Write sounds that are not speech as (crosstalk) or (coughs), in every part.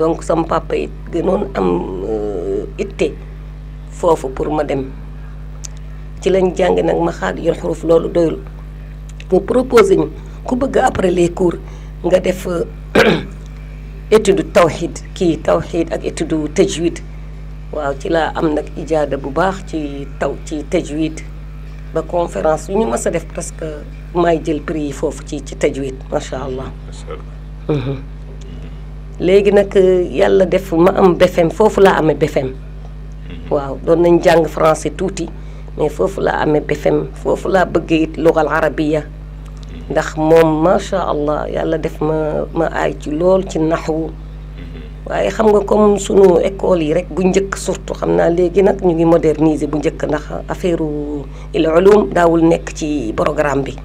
donc sama papa it gënoon am euh, itte foofu pour ma dem ci lañ jàng nag ma xaar yoon xuruf loolu doyul mu proposé ñu ku bëgg après les cours nga def euh, (clears throat) étude tawxid kii tawxid ak étude tajwid waaw ci laa am nag ijaada bu baax ci taw ci tajwid ba conférence yu ñu mës a def presque maay jël prix yi foofu ci ci tajwid macha allah. Mhm. léegi nag yàlla def ma am BFEM foofu laa amee BFEM waaw doon nañ jàng français tuuti mais foofu laa amee BFEM foofu laa bëggee it lugal arabiya ndax moom macha allah yàlla def ma ma aay ci lool ci naxwu waaye xam nga comme sunu école yi rek bu njëkk surtout xam naa léegi nag ñu ngi moderniser bu njëkk ndax affaire il ulum daawul nekk ci programme bi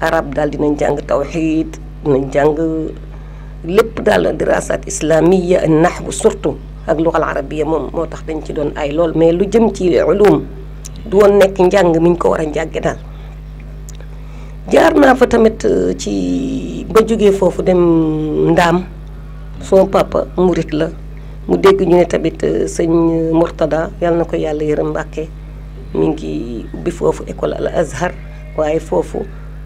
arab daal dinañ jàng tawxiid dinañ jàng lépp daal dirasaat islamiyya naxwu surtout ak luxa arabiyya moom moo tax dañ ci doon ay lool mais lu jëm ci ulum du woon nekk njàng mi ñu ko war a njàgge daal jaar naa fa tamit ci ba jógee foofu dem ndaam son papa murit la mu dégg ñu ne tamit sëñ Mourtada yàlla na ko yàlla yërëm Mbàkke mi ngi ubbi foofu école al azhar waaye foofu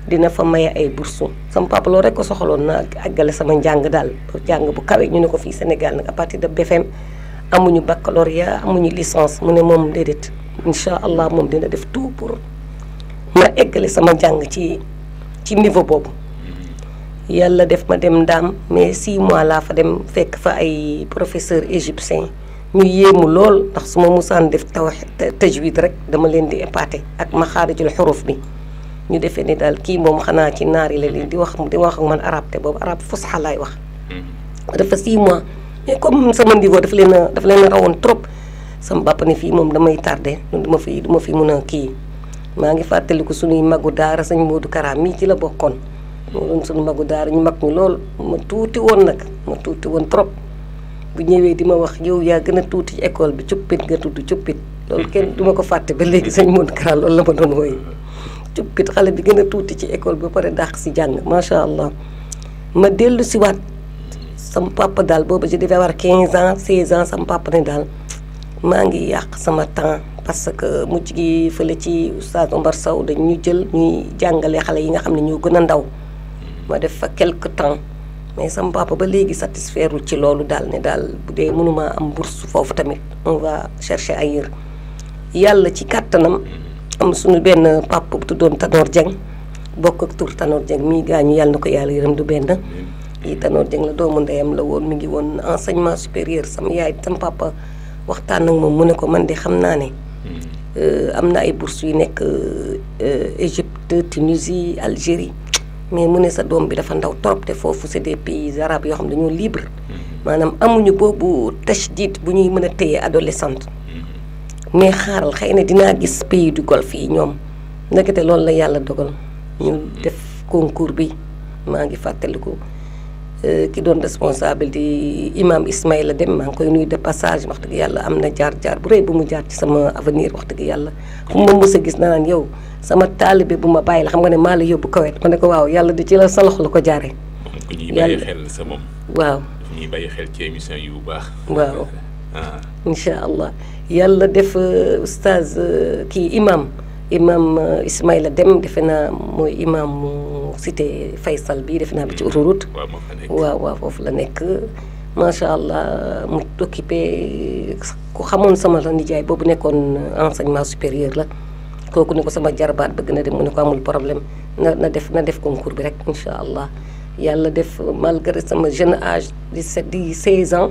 dina fa may ay bourses sama papa loolu rek ko soxaloon na àggale sama njàng daal jàng bu kawe ñu ne ko fii Sénégal nag à partir de BFM amuñu baccalauréat amuñu licence mu ne moom déedéet incha allah moom dina def tout pour ma eggale sama njàng ci ci niveau boobu. yàlla def ma dem ndaam mais six mois laa fa dem fekk fa ay professeur égyptien ñu yéemu lool ndax su ma musaan def taw tajwid rek dama leen di épaté ak maxaarijul xuruf bi. ñu défé ni dal ki mom xana ci naar la leen di wax di wax ak man arab té bob arab fusha lay wax dafa 6 mois mais comme sama niveau dafa leena a dafa leen a trop sama bap ni fi mom damay tardé du fi duma fi mëna ki ma ngi fatali ko suñu magu daara sañ Modou karam mi ci la bokkon moo doon suñu magu daara ñu mag ñu lool ma tuuti won nak ma tuuti won trop bu di ma wax yow ya gëna école bi cuppit nga tudd cuppit lool kenn duma ko fàtte ba légui sañ Modou karam lool la ma doon woy cupkit xale bi gën a tuuti ci école ba pare dàq si jàng macha allah ma dellu si waat sama papa daal boobu je devais avoir 15 ans 16 ans sama papa ne daal maa ngi yàq sama temps parce que mujj gi fële ci oustaz Omar Sow dañu ñu jël ñuy jàngale xale yi nga xam ne ñoo gën a ndaw ma def fa quelque temps mais sama papa ba léegi satisfairewul ci loolu daal ne daal bu dee mënumaa am bourse foofu tamit on va chercher ailleurs yàlla ci kàttanam am suñu benn papa bu tuddoon Tanor jang bokk tour tur Tanor Dieng mii gaañu yàlla na ko yàlla yërëm du benn yi Tanor Dieng la doomu ndeyam la woon mi ngi woon enseignement supérieur sama yaay sama papa waxtaan ak moom mu ne ko man de xam naa ne euh, am na ay bourses yu nekk euh, Égypte Tunisie Algérie mais mu ne sa doom bi dafa ndaw trop te foofu c'est des pays arabes yoo xam ne dañoo libre mm-hmm. maanaam amuñu boobu tashdid bu ñuy mën a téye adolescente mais xaaral xëy na dinaa gis pays du golfe yi ñoom ndekete loolu la yàlla dogal ñu def concours bi maa ngi fàttaliku euh, ki doon responsable di imam la Dem maa ngi koy nuyu de passage wax dëgg yàlla am na jaar jaar bu rëy bu mu jaar ci sama avenir wax dëgg yàlla xam nga mos gis na naan yow sama taalibe bu ma bàyyi la xam nga ne maa la yóbbu kawet ma ne ko waaw yàlla di ci la sa loxo la ko jaaree. yàlla ku ñuy bàyyi xel sa moom. waaw ñuy bàyyi xel bu baax. waaw. (laughs) Ah. ان شاء الله يلا دف استاذ كي امام امام اسماعيل دم دفنا مو امام سيتي فيصل بي دفنا بي اورورت وا وا فوف لا نيك ما شاء الله متوكيبي كو خامون سما راني جاي بوب نيكون انسيمون سوبيريور لا كوكو نيكو سما جربات بغ ندي مو نيكو امول بروبليم نا دف نا دف كونكور بي رك ان شاء الله يلا دف مالغري سما جين اج 17 16 ans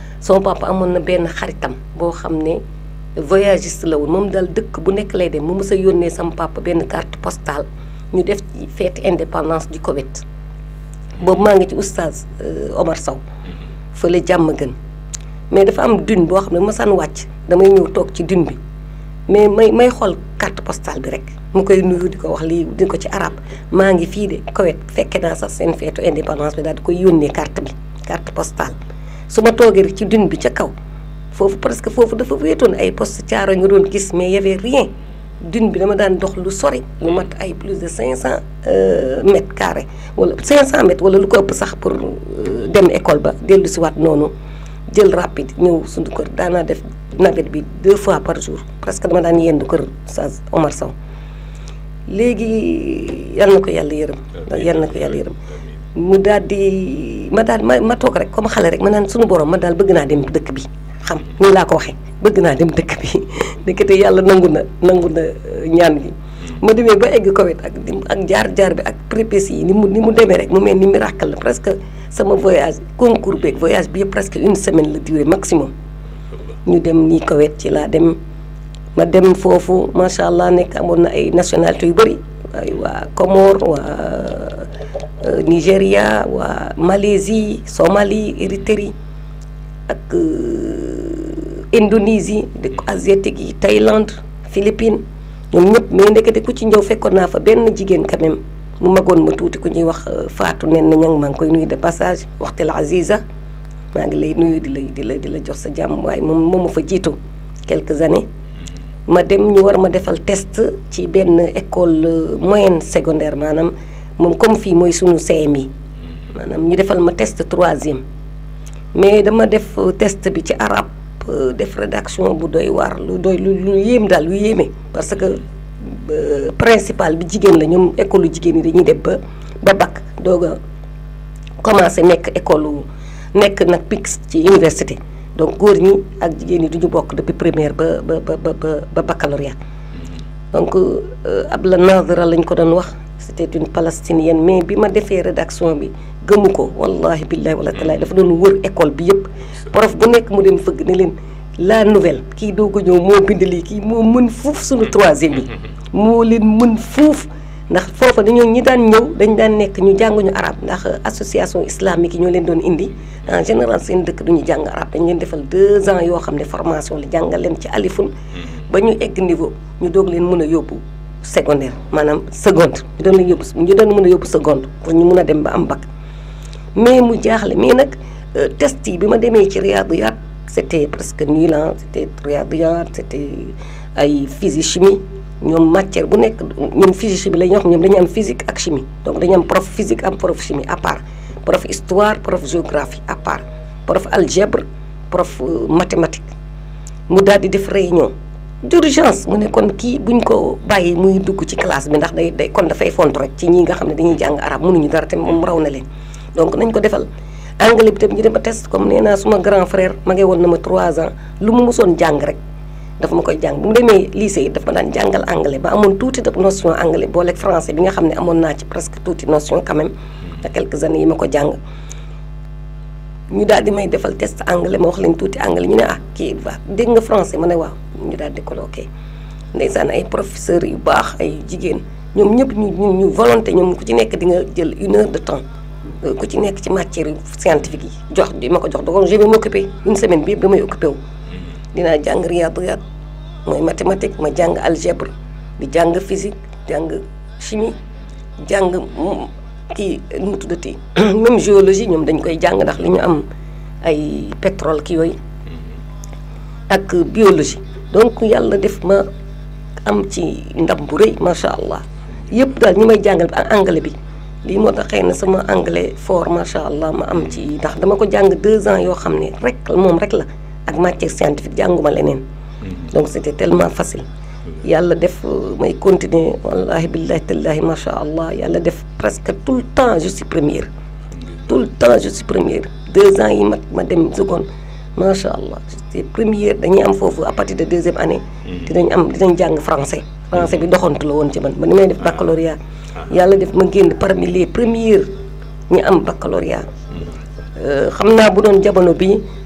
sama papa amoon na benn xaritam boo xam ne voyagiste la woon moom daal dëkk bu nekk lay dem mu mës a yónnee sama papa benn carte postal ñu def ci fête indépendance di kowet boobu maa ngi ci oustaz euh, Omar Sow fële jàmm gën mais dafa am dune boo xam ne masaan wàcc damay ñëw toog ci dune bi mais may may xool carte postale bi rek mu koy nuyu di ko wax lii di ko ci arab maa ngi fii de Koweït fekke naa sax seen feetu indépendance bi daal di koy yónnee carte bi carte postale su ma toogee ci dune bi ca kaw foofu presque foofu dafa wéetoon ay poste caaro nga doon gis mais y avait rien dune bi dama daan dox lu sori lu mat ay plus de cinq cent euh, mètres carrés wala cinq cent mètres wala lu ko ëpp sax pour euh, dem école ba dellu si noonu jël rapide ñëw suñu kër daanaa def navette bi deux fois par jour presque dama daan yendu kër sa Omar Sow léegi yal na ko yàlla yërëm yal na ko yàlla yërëm mu daal di ma daal ma ma toog rek comme xale rek ma naan suñu borom ma daal bëgg naa dem dëkk bi xam nii laa ko waxee bëgg naa dem dëkk bi (laughs) ndekete yàlla nangu na nangu na euh, ñaan gi ma demee ba egg Koweït ak ak jaar-jaar bi ak prépices yi ni mu ni mu demee rek mu mel ni miracle la presque sama voyage concours beeg voyage bi yëpp presque une semaine la durée maximum ñu dem nii Koweït ci laa dem ma dem foofu macha allah nekk amoon na ay nationalité yu bëri ay waa Comores waa euh, Nigéria waa Malaisie Somalie Érythrée ak euh, Indonésie dëkk asiatique yi Thaïlande Philippines ñoom ñëpp mais ndekete ku ci ñëw fekkoon naa fa benn jigéen quand même mu magoon ma tuuti ku ñuy wax euh, Fatou nen na ñang maa ngi koy nuyu de passage waxtel Aziza maa ngi lay nuyu di la di la di la jox sa jàmm waaye moom moo ma fa jiitu quelques années ma dem ñu war ma defal test ci benn école euh, moyenne secondaire maanaam moom comme fii mooy sunu CMI maanaam ñu defal ma test troisième mais dama def euh, test bi ci arab euh, def rédaction bu doy waar lu doy lu lu yéem daal lu yéeme parce que principal bi jigéen la ñoom école jigéen yi dañuy def ba ba bac doog a commencé nekk école wu nekk nag PIX ci université donc góor ñi ak jigéen ñi du bokk depuis primaire ba ba ba ba baccalauréat donc euh, Abla Nadra lañ ko doon wax c'était une palestinienne mais bi ma defee rédaction bi gëmu ko wallahi billahi wala talaay dafa doon wër école bi yëpp prof bu nekk mu dem fëgg ne leen la nouvelle kii doo ko ñëw moo bind lii kii moo mën foofu suñu troisième yi moo leen mën fuuf ndax foofa dañoo ñi daan ñëw dañ daan nekk ñu jànguñu arab ndax association islamique yi ñoo leen doon indi en général seen dëkk duñu jàng arab dañ leen defal deux ans yoo xam ne formation la jàngal leen ci alifun mm-hmm. ba ñu egg niveau ñu doog leen mën a yóbbu secondaire maanaam seconde ñu doon leen yóbbu ñu doon mën a yóbbu seconde pour ñu mën a dem ba am bac mais mu jaaxle mais nag euh, test yi bi ma demee ci Riyadiyat c' était presque nul c'était Riyadiyat c' était ay physique chimie ñoom matière bu nekk ñun physique bi la ñoo ñoom dañu am physique ak chimie donc dañu am prof physique am prof chimie à part prof histoire prof géographie à part prof algèbre prof euh, mathématique mu daal di def réunion d'urgence mu ne kon kii buñ ko bàyyi muy dugg ci classe bi ndax day day kon dafay font rek ci ñi nga xam ne dañuy jàng arab mënuñu dara te moom raw na leen donc nañ ko defal anglais bi tam ñu dem a test comme nee naa suma grand frère ma ngi woon na ma trois ans lu mu mosoon jàng rek dafa ma koy jàng bu mu demee lycée it dafa ma daan jàngal anglais ba amoon tuuti de notion anglais booleeg français bi nga xam ne amoon naa ci presque tuuti notion quand même a quelques années yi ma ko jàng ñu daal di may defal test anglais ma wax leen tuuti anglais ñu ne ak ah, kii va dégg nga français ma ne waaw ñu daal di colloqué ndeysaan ay professeurs yu baax ay jigéen ñoom ñëpp ñu ñu ñu volonté ñoom ku ci nekk di nga jël une heure de temps euh, ku ci nekk ci matière scientifique yi jox di ma ko jox donc je vais m'occuper une semaine bi yëpp wu dinaa jàng oh. riyadiyat mooy mathématique ma jàng algèbre di jàng physique jàng chimie jàng kii nu mu tuddati (coughs) même géologie ñoom dañ koy jàng ndax li ñu am ay pétrole ki yooyu mm-hmm. ak biologie donc yàlla def ma am ci ndam bu rëy macha allah yëpp daal ñu may jàngal ak anglais bi lii moo tax xëy na sama anglais fort macha allah ma am ci ndax dama ko jàng deux ans yoo xam ne rek moom rek la ak matière scientifique jànguma leneen. Mhm. donc c' telement tellement facile. yàlla def may continuer wallahi billahi tallahi macha allah yàlla def presque tout le temps je suis première. tout le temps je suis première deux ans yi mag ma dem seconde macha allah je suis première dañuy am foofu à partir de deuxième année. Mhm. dinañ am dinañ jàng français. français bi doxantu la woon ci man ba ni may def baccalauréat. Ah. yàlla def ma génn parmi les premières ñu am baccalauréat. Mhm. Euh, xam naa bu doon jamono bii.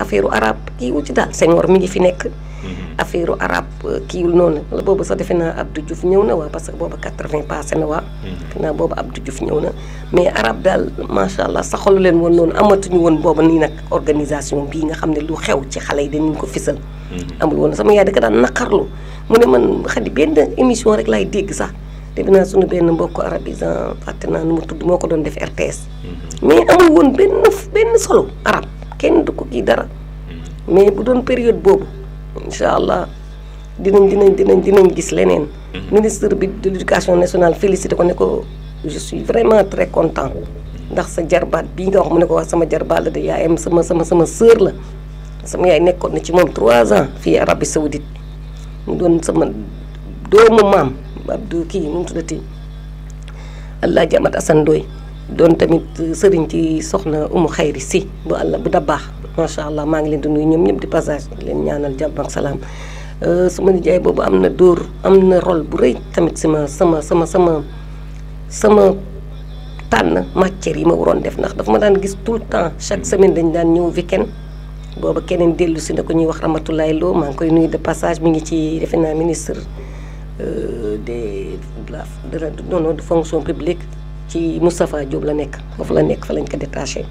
affaire arab kiiwul ci daal Senghor mi ngi fi nekk. Mhm. affaire arab euh, kiiwul noonu la boobu sax defe naa ab Abdou Diouf ñëw na waa parce que boobu 80 passé na waa. Mhm. defe naa boobu Abdou Diouf ñëw na mais arab daal macha allah saxalu leen woon noonu amatuñu woon boobu nii nag organisation bii nga xam ne lu xew ci xale yi dañu ko fisal. Mhm. amul woon sama yaay daka daan naqarlu mu ne man xadi benn émission rek laay dégg sax. def naa suñu benn mbokku arabisant fàtte naa nu mu tudd moo ko doon def RTS. mais amul woon benn benn solo kenn du ko kii dara mais bu doon période boobu incha allah dinañ dinañ dinañ dinañ gis leneen. Mm-hmm. ministre bi de l' éducation nationale félicité ko ne ko je suis vraiment très content ndax sa jarbaat bii nga wax mu ne ko wax sama jarbaat la de yaayam sama sama sama sœur la sama yaay nekkoon na ci moom trois ans fii Arabie Saoudite mu doon sama doomu maam Abdou kii nu ti tuddati Alaaji Amat Asan Ndoy doon tamit sëriñ ci soxna umu xayri si bu àlla bu da baax macha allah maa ngi leen di nuyu ñoom ñëpp di passage leen ñaanal jàmm ak salaam euh, suma nijaay boobu am na dóor am na rôle bu rëy tamit sama sama sama sama sama tànn matière yi ma waroon def ndax dafa ma daan gis tout le temps chaque semaine dañ daan ñëw weekend booba keneen dellu si ne ko ñuy wax Ramatoulaye Lo maa ngi koy nuyu de passage mi ngi ci defe naa ministre euh, de la non non de fonction publique ci Moustapha Diop la nek foofu la nek fa lañ ko détaché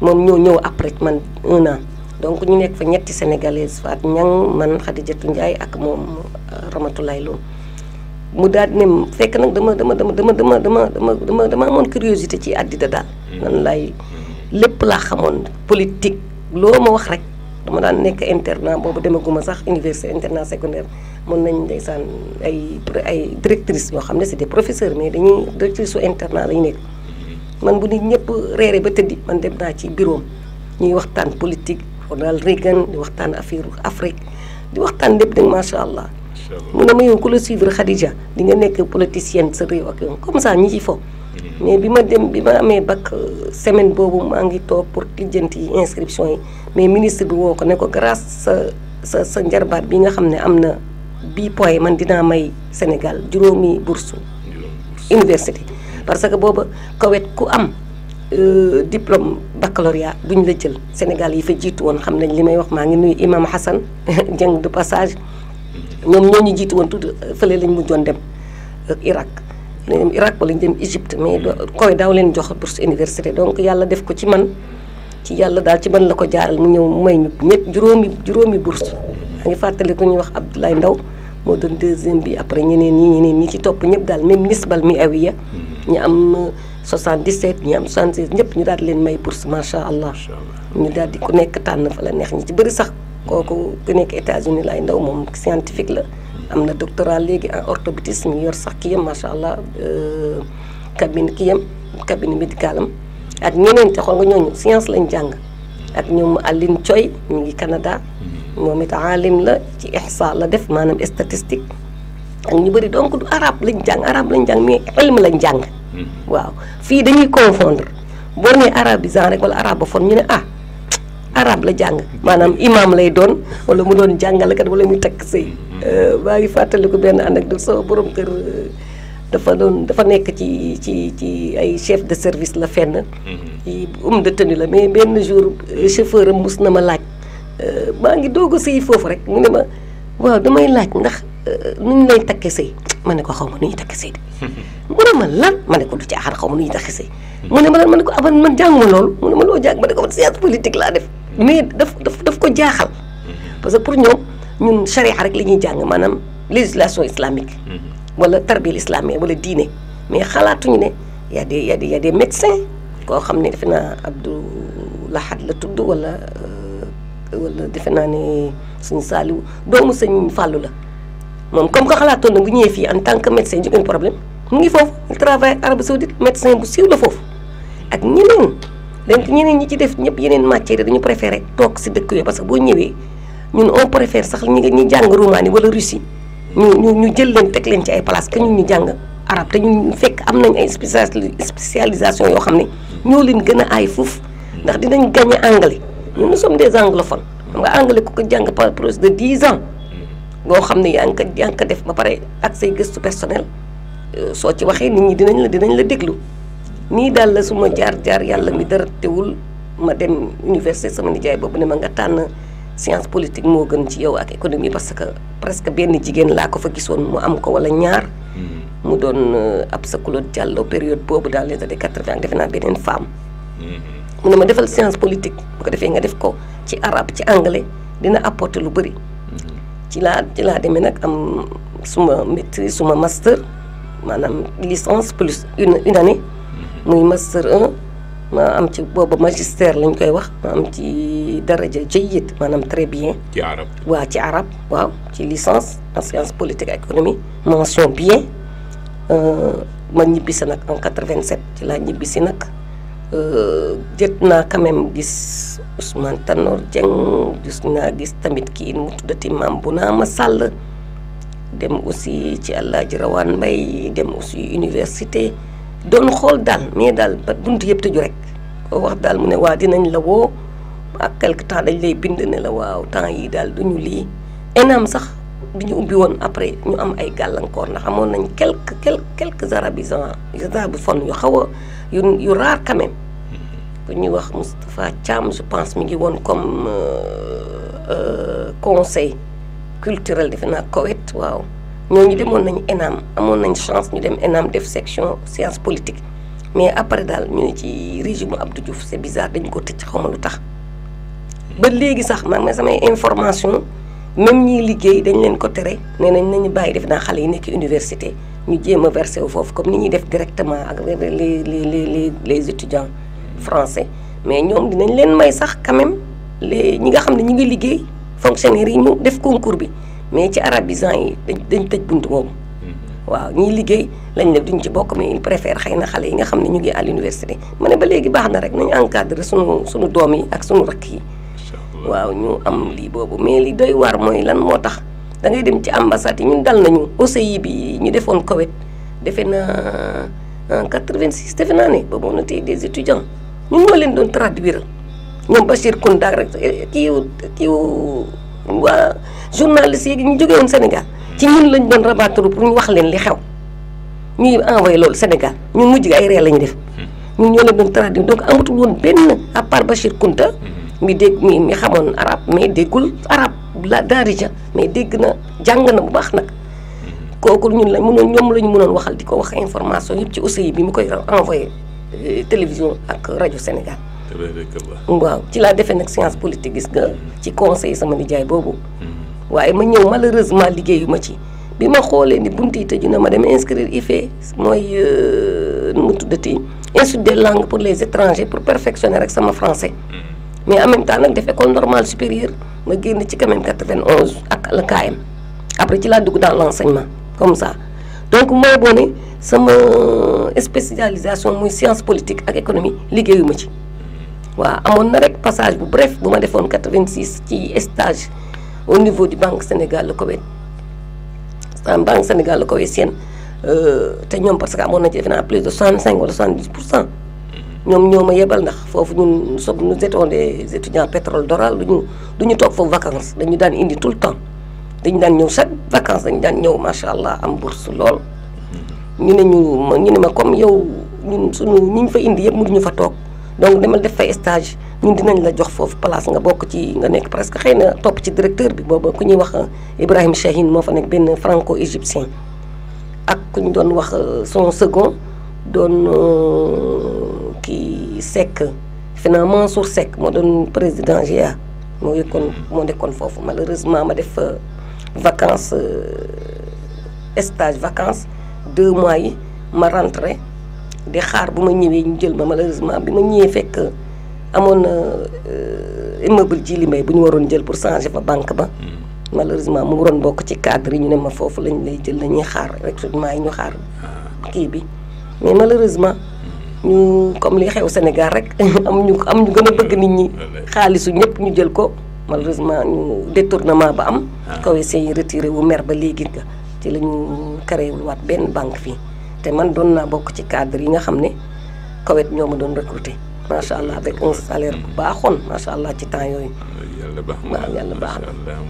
mom ñoo ñëw après man un an donc ñu nek fa ñetti sénégalaises faat ñang man Khadijatou Ndiaye ak mom euh, Ramatoulaye Lo mu daal ne fekk nak dama dama dama dama dama dama dama dama dama amoon curiosité ci àddina dal mm-hmm. nan lay mm-hmm. lepp la xamone politique lo ma wax rek dama daan nekk internat boobu demaguma sax université internat secondaire mën nañ ndeysaan ay ay directrice yoo xam ne c'est de professeurs mais dañuy directrice su internat lañu nekk man bu nit ñëpp reere ba tëddi man dem naa ci bureau ñuy waxtaan politique Ronald Reagan di waxtaan affaire Afrique di waxtaan lépp nag macha allah mu na ma yow ku la suivre Khadija di nga nekk politicienne sa réew ak yow comme ça ñi ci fo mais bi ma dem bi ma amee bac euh, semaine boobu maa ngi toog pour lijjanti yi inscription yi mais ministre bi woo ko ne ko grâce sa sa njarbaat bi nga xam ne am na bii point man dinaa may Sénégal juróomi bourse université parce que booba kawet ku am euh, diplôme bu ñu la jël Sénégal yi fa jiitu woon xam nañ li may wax maa ngi nuyu imam Hassan (laughs) Dieng de passage ñoom ñoo ñu jiitu woon tuuti fële lañ mujjoon dem euh, Irak ñu dem Irak wala ñu dem Égypte mais hmm. koy daaw leen jox bourse université donc yàlla def ko ci man ci yàlla daal ci man la ko jaaral mu ñëw may ñu ñett juróomi juróomi bourse ngi fàttali ku ñuy wax Abdoulaye Ndaw moo doon deuxième bi après ñeneen ñi ñi ci topp ñëpp daal même nisbal mi awiya hmm. ñu am 77 ñu am 76 ñëpp ñu daal di leen may bourse macha allah ñu daal di ku nekk tànn fa la neex ñi ci bëri sax kooku ku nekk États-Unis laay ndaw moom scientifique la am na doctorat léegi en orthopédisme yor sax kiyam macha allah euh, cabinet kiyam cabinet médical am ak ñeneen te xool nga ñooñu science lañ jàng ak ñoom Aline Coy ñu ngi Canada mm-hmm. moom it alim la ci ihsa la def maanaam statistique ak ñu bëri donc du arabe lañ jàng arabe lañ jàng mais ilm lañ jàng. Mm-hmm. waaw fii dañuy confondre boo nee rek wala arabophone ñu ne ah. arab la jàng maanaam imaam lay doon wala mu doon jàngalekat wala muy takk sëy Euh, maa ngi ko benn anecdote sama borom kër euh, dafa doon dafa nekk ci ci ci ay chef de service la fenn. Mm-hmm. ci de tenue la mais benn jour euh, chauffeur am mus na ma laaj. maa ngi doog a sëy foofu rek mu ne ma waaw damay laaj ndax nuñ lay takke sëy ma ne ko xaw ma nu ñuy takke sëy (laughs) ma lan ma ne ko du caaxaan xaw ma nu ñuy takke sëy. mu ne ma lan ma ne ko aban man jàngu loolu mu ne ma loo jàng ma ne ko man science politique laa def. mais daf daf daf ko jaaxal mm-hmm. parce que pour ñoom. ñun charia rek la ñuy jàng maanaam législation islamique. Mm-hmm. wala tarbil islamique wala diine mais xalaatuñu ne y a des y a des y a des médecins. koo xam ne defe naa Abdou Lahad la tudd wala euh, wala defe naa ne suñu saaliw doomu sëñ Fallou la moom comme ko xalaatoon na bu ñëwee fii en tant que médecin jógeen problème mu ngi foofu il travaille Arabie Saoudite médecin bu siiw la foofu ak ñeneen donc ñeneen ñi ci def ñëpp yeneen matière dañu préféré toog si dëkk yooyu parce que boo ñëwee. ñun on préfère sax ñi ñu jàng Roumanie wala Russie ñu ñu jël leen teg leen ci ay place ka ñu ñu jàng arabe te ñun fekk am nañ ay spécialisation yoo xam ne ñoo leen gën a ay fuuf ndax dinañ gagné anglais ñun nous sommes des anglophones xam nga anglais ku ko jàng par plus de dix ans boo xam ne yaa ngi ko def ba pare ak say gëstu personnel euh, soo ci waxee nit ñi dinañ la dinañ la déglu nii daal la suma jaar jaar yàlla mi dara teewul ma dem université sama nijaay boobu ne ma nga tànn science politique moo gën ci yow ak économie parce que presque benn jigéen laa ko fa gisoon mu am ko wala ñaar. Mm-hmm. mu doon euh, ab sa Claude Diallo période boobu dans les années quatre-vingt defe naa beneen femme. Mm-hmm. mu ne ma defal science politique bu ko defee nga def ko ci arabe ci anglais dina apporter lu bëri. Mm-hmm. ci laa ci laa demee nag am suma maîtrise suma master maanaam licence plus une une année. muy master ma am ci bobu magister lañ koy wax ma am ci daraja jeyit manam très bien ci arab wa ci arab wa ci licence en sciences politiques et économie mention bien euh, ma ñibbisi nak en 87 ci laa ñibbisi nag euh, jët naa quand même gis Ousmane Tanor jeng gis na gis tamit ki mu tudati maam bu na ma sàll dem aussi ci Allah Rawaan dem aussi université doon xol dal mais dal ba buntu yeb tëju rek wax dal mu ne wa dinañ la wo ak quelque temps dañ lay bind ne la waaw temps yi dal duñu li enam sax biñu ñu ubbi woon après ñu am ay galankor ndax amoon nañ quelque quelque quelques arabisants je yu bu fon yu xawa yu raar quand même bu ñu wax mustapha cham je pense mi ngi won comme euh, conseil culturel defena naa Koweït waaw Nous avons une ENAM chance de faire une section science politique mais après nous régime Abdou c'est bizarre nous ko pas même les université ñu comme directement avec les étudiants français mais nous dinañ leen quand même fonctionnaires concours mais ci arab arabisant yi dañ dañ tëj bunt boobu. Mm-hmm. waaw ñiy liggéey lañ ne duñ ci bokk mais il préfère xëy na xale yi nga xam ne ñu ngi à l'université ma ne ba léegi baax na rek nañu encadré suñu sunu doom yi ak sunu rakk yi. waaw ñu am lii boobu mais li doy waar mooy lan moo tax dangay dem ci ambassade yi ñun dal nañu OCI bi ñu defoon Koweït defe na en 86 defe naa ne boobu on était des étudiants ñu ñoo leen doon traduire ñoom Bachir Kounda rek kii kii waa. journalistes yi ñu jógee woon Sénégal ci ñun lañ doon rabattre pour ñu wax leen li xew ñuy envoyé loolu Sénégal ñun mujj gi ay réer la ñu def hmm. ñun ñoo leen doon traduire donc amatul woon benn à part Bachir Kounta hmm. mi dégg mi mi xamoon arab mais déggul arab la darija mais dégg na jàng na bu baax nag hmm. kooku ñun lañ mënoon ñoom lañu munoon waxal di ko wax information yëpp ci OCI bi mu koy envoyé euh, télévision ak rajo Sénégal waaw ci laa defee nag science politique gis nga ci conseil sama nijaay boobu waaye ma ñëw malheureusement liggéeyu ci bi ma xoolee ni bunti yi tëju na ma dem inscrire IFE mooy euh, nu tuddati institut des langues pour les étrangers pour perfectionner avec sama français. Mm-hmm. mais en même temps nag def école normale supérieure ma génn ci quand même 91 ak le KM après ci laa dugg dans l'enseignement comme ça donc mooy boo ne sama euh, spécialisation muy science politique ak économie liggéeyu ci. Mm-hmm. waaw amoon na rek passage bu bref bu ma defoon 86 ci stage au niveau du Banque Sénégal la Banque Sénégal Koweïtienne euh, parce que plus de 65 ou 70 nous des étudiants pétrole doral nous nous sommes toog vacances dañu daan indi tout le temps chaque vacances nous sommes ñëw Nous am comme yow ñun nous nous fa indi donc nous def stage ñun dinañ la jox foofu place nga bokk ci nga nekk presque xëy na topp ci directeur bi booba ku ñuy wax euh, Ibrahim shahin moo fa nekk benn franco égyptien ak ku ñu doon wax euh, son second doon euh, ki sec finalement sur sec moo doon président GIA moo yëkkoon moo nekkoon foofu malheureusement ma def vacances stage vacances deux mois yi ma rentré di xaar bu ma ñëwee ñu jël ma malheureusement bi ma ñëwee fekk. amoon na euh, immeuble ji li mbay bu ñu waroon jël pour changer fa banque ba. Hmm. malheureusement mu waroon bokk ci cadre yi ñu ne ma foofu lañu lay jël dañuy xaar recrutement yi ñu xaar kii bi mais malheureusement. Hmm. ñu comme li xew Sénégal rek (laughs) am ñu am ñu gën a bëgg nit ñi xaalisu ñëpp ñu jël ko malheureusement ñu détournement ba am. Ah. kawe seen retiré wu mer ba léegi nga ci la ñu créé benn banque fii te man doon naa bokk ci cadre yi nga xam ne kawet ñoo ma doon recruter. macha allah avec un bu baaxoon macha allah ci temps yooyu. baax na waaw yàlla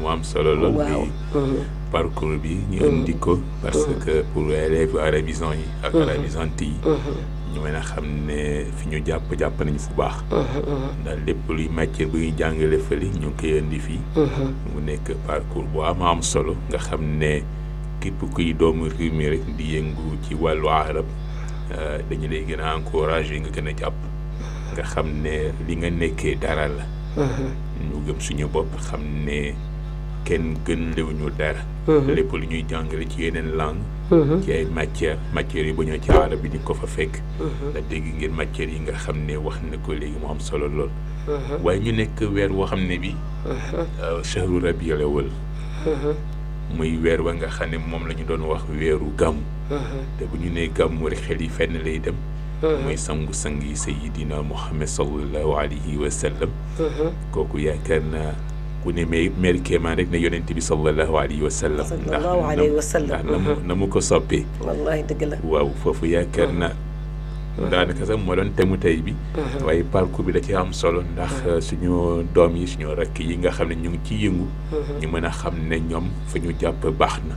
mu am solo lool. waaw mhm. parcours bi ñu mhm. indi ko. parce mhm. que pour élèves arabisants yi. ak arabisantes yi. ñu mën a xam ne fi ñu jàpp jàpp nañu fu baax. ndax lépp luy matière bu ñuy jàngale fële ñu koy indi fii. mu nekk parcours bu am am solo nga xam ne képp kii doomu réew mi rek di yëngu ci wàllu arab euh, dañu lay gën a encouragé nga gën a jàpp. nga xam ne li nga nekkee dara la uh-huh. ñu gëm suñu bopp xam ne kenn gën lew ñu dara uh-huh. lépp lu ñuy jàngale ci yeneen langue uh-huh. ci ay matière matières yi bu ñoo ci arab bi di ko fa fekk la dégg ngeen matières yi nga xam ne wax na ko léegi mu am solo lool waaye ñu nekk weer woo xam ne bi euh, shahru rabiul awwal muy weer wa nga xam ne moom la ñu doon wax weeru gàmmu te bu ñu nee gàmmu rek xel yi fenn lay dem muy sangu sang yi sayidina Muhammad sallallahu alayhi wa sallam kooku yaakaar naa ku ne mais mère kéemaan rek ne yonent bi sallallahu alayhi wa sallam ndax na mu ko soppee wallahi dëgg la waaw foofu yaakaar naa daanaka sax moo doon temu tey bi uh-huh. waaye parcours bi da ci am solo ndax uh-huh. suñu doom yi suñu rakk yi nga xam ne ñu ngi ciy yëngu uh-huh. ñu mën a xam ne ñoom fa ñu jàpp baax na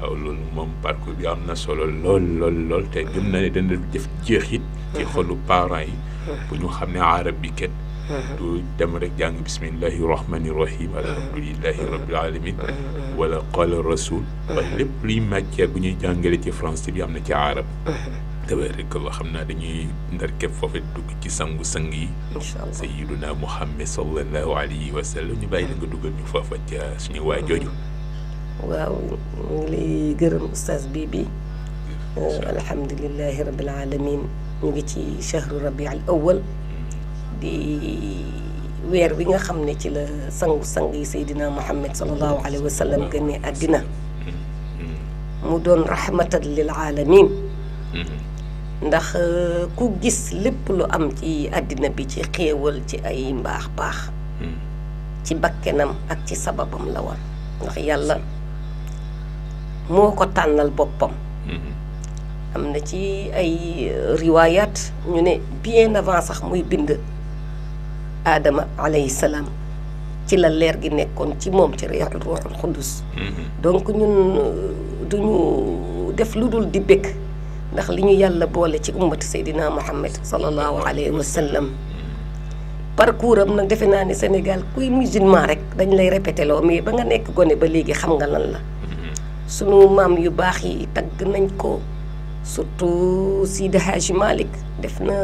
waaw loolu moom parcours bi am na solo lool lool lool te gëm na ne dana def jeexit ci xolu parents yi bu ñu xam ne arab bi kenn du dem rek jàng bismillahi rahmani rahim alhamdulilahi rabbil alamin wala qala rasul waaye lépp luy matière bu ñuy jàngale ci français bi am na ci arab tabarakallah xam naa dañuy ndar képp foofu dugg ci sangu sang yi sayyiduna muhammad sallallahu alayhi wa sallam ñu bàyyi la nga dugal ñu foofa ca suñu waa jooju waaw mu ngi lay gërëm oustaz bii bi alhamdulilahi rabil alamin ñu ngi ci chahru rabi al awal di weer bi nga xam ne ci la sangu-sang yi saydina muhammad salallahu alayhi wa sallam gënee àddina mu doon rahmatan lil alamin ndax euh, ku gis lépp lu am ci àddina bi ci xéewal ci ay mbaax baax hmm. ci bakkenam ak ci sababam la woon ndax yàlla moo ko tànnal boppam hmm. am na ci ay euh, riwaayaat ñu ne bien avant sax muy bind aadama alayhi salaam ci la leer gi nekkoon ci moom ci ruuxul xudus hmm. donc ñun euh, duñu def lu dul di bëgg ndax li ñu yàlla boole ci ummati Seydina Muhammad sallallahu alayhi wa sallam parcours am nag defe naa ne Sénégal kuy musulman rek dañ lay répété loo mais ba nga nekk gone ba léegi xam nga lan la suñu maam yu baax yi tagg nañ ko surtout Sidi Hadji Malick def na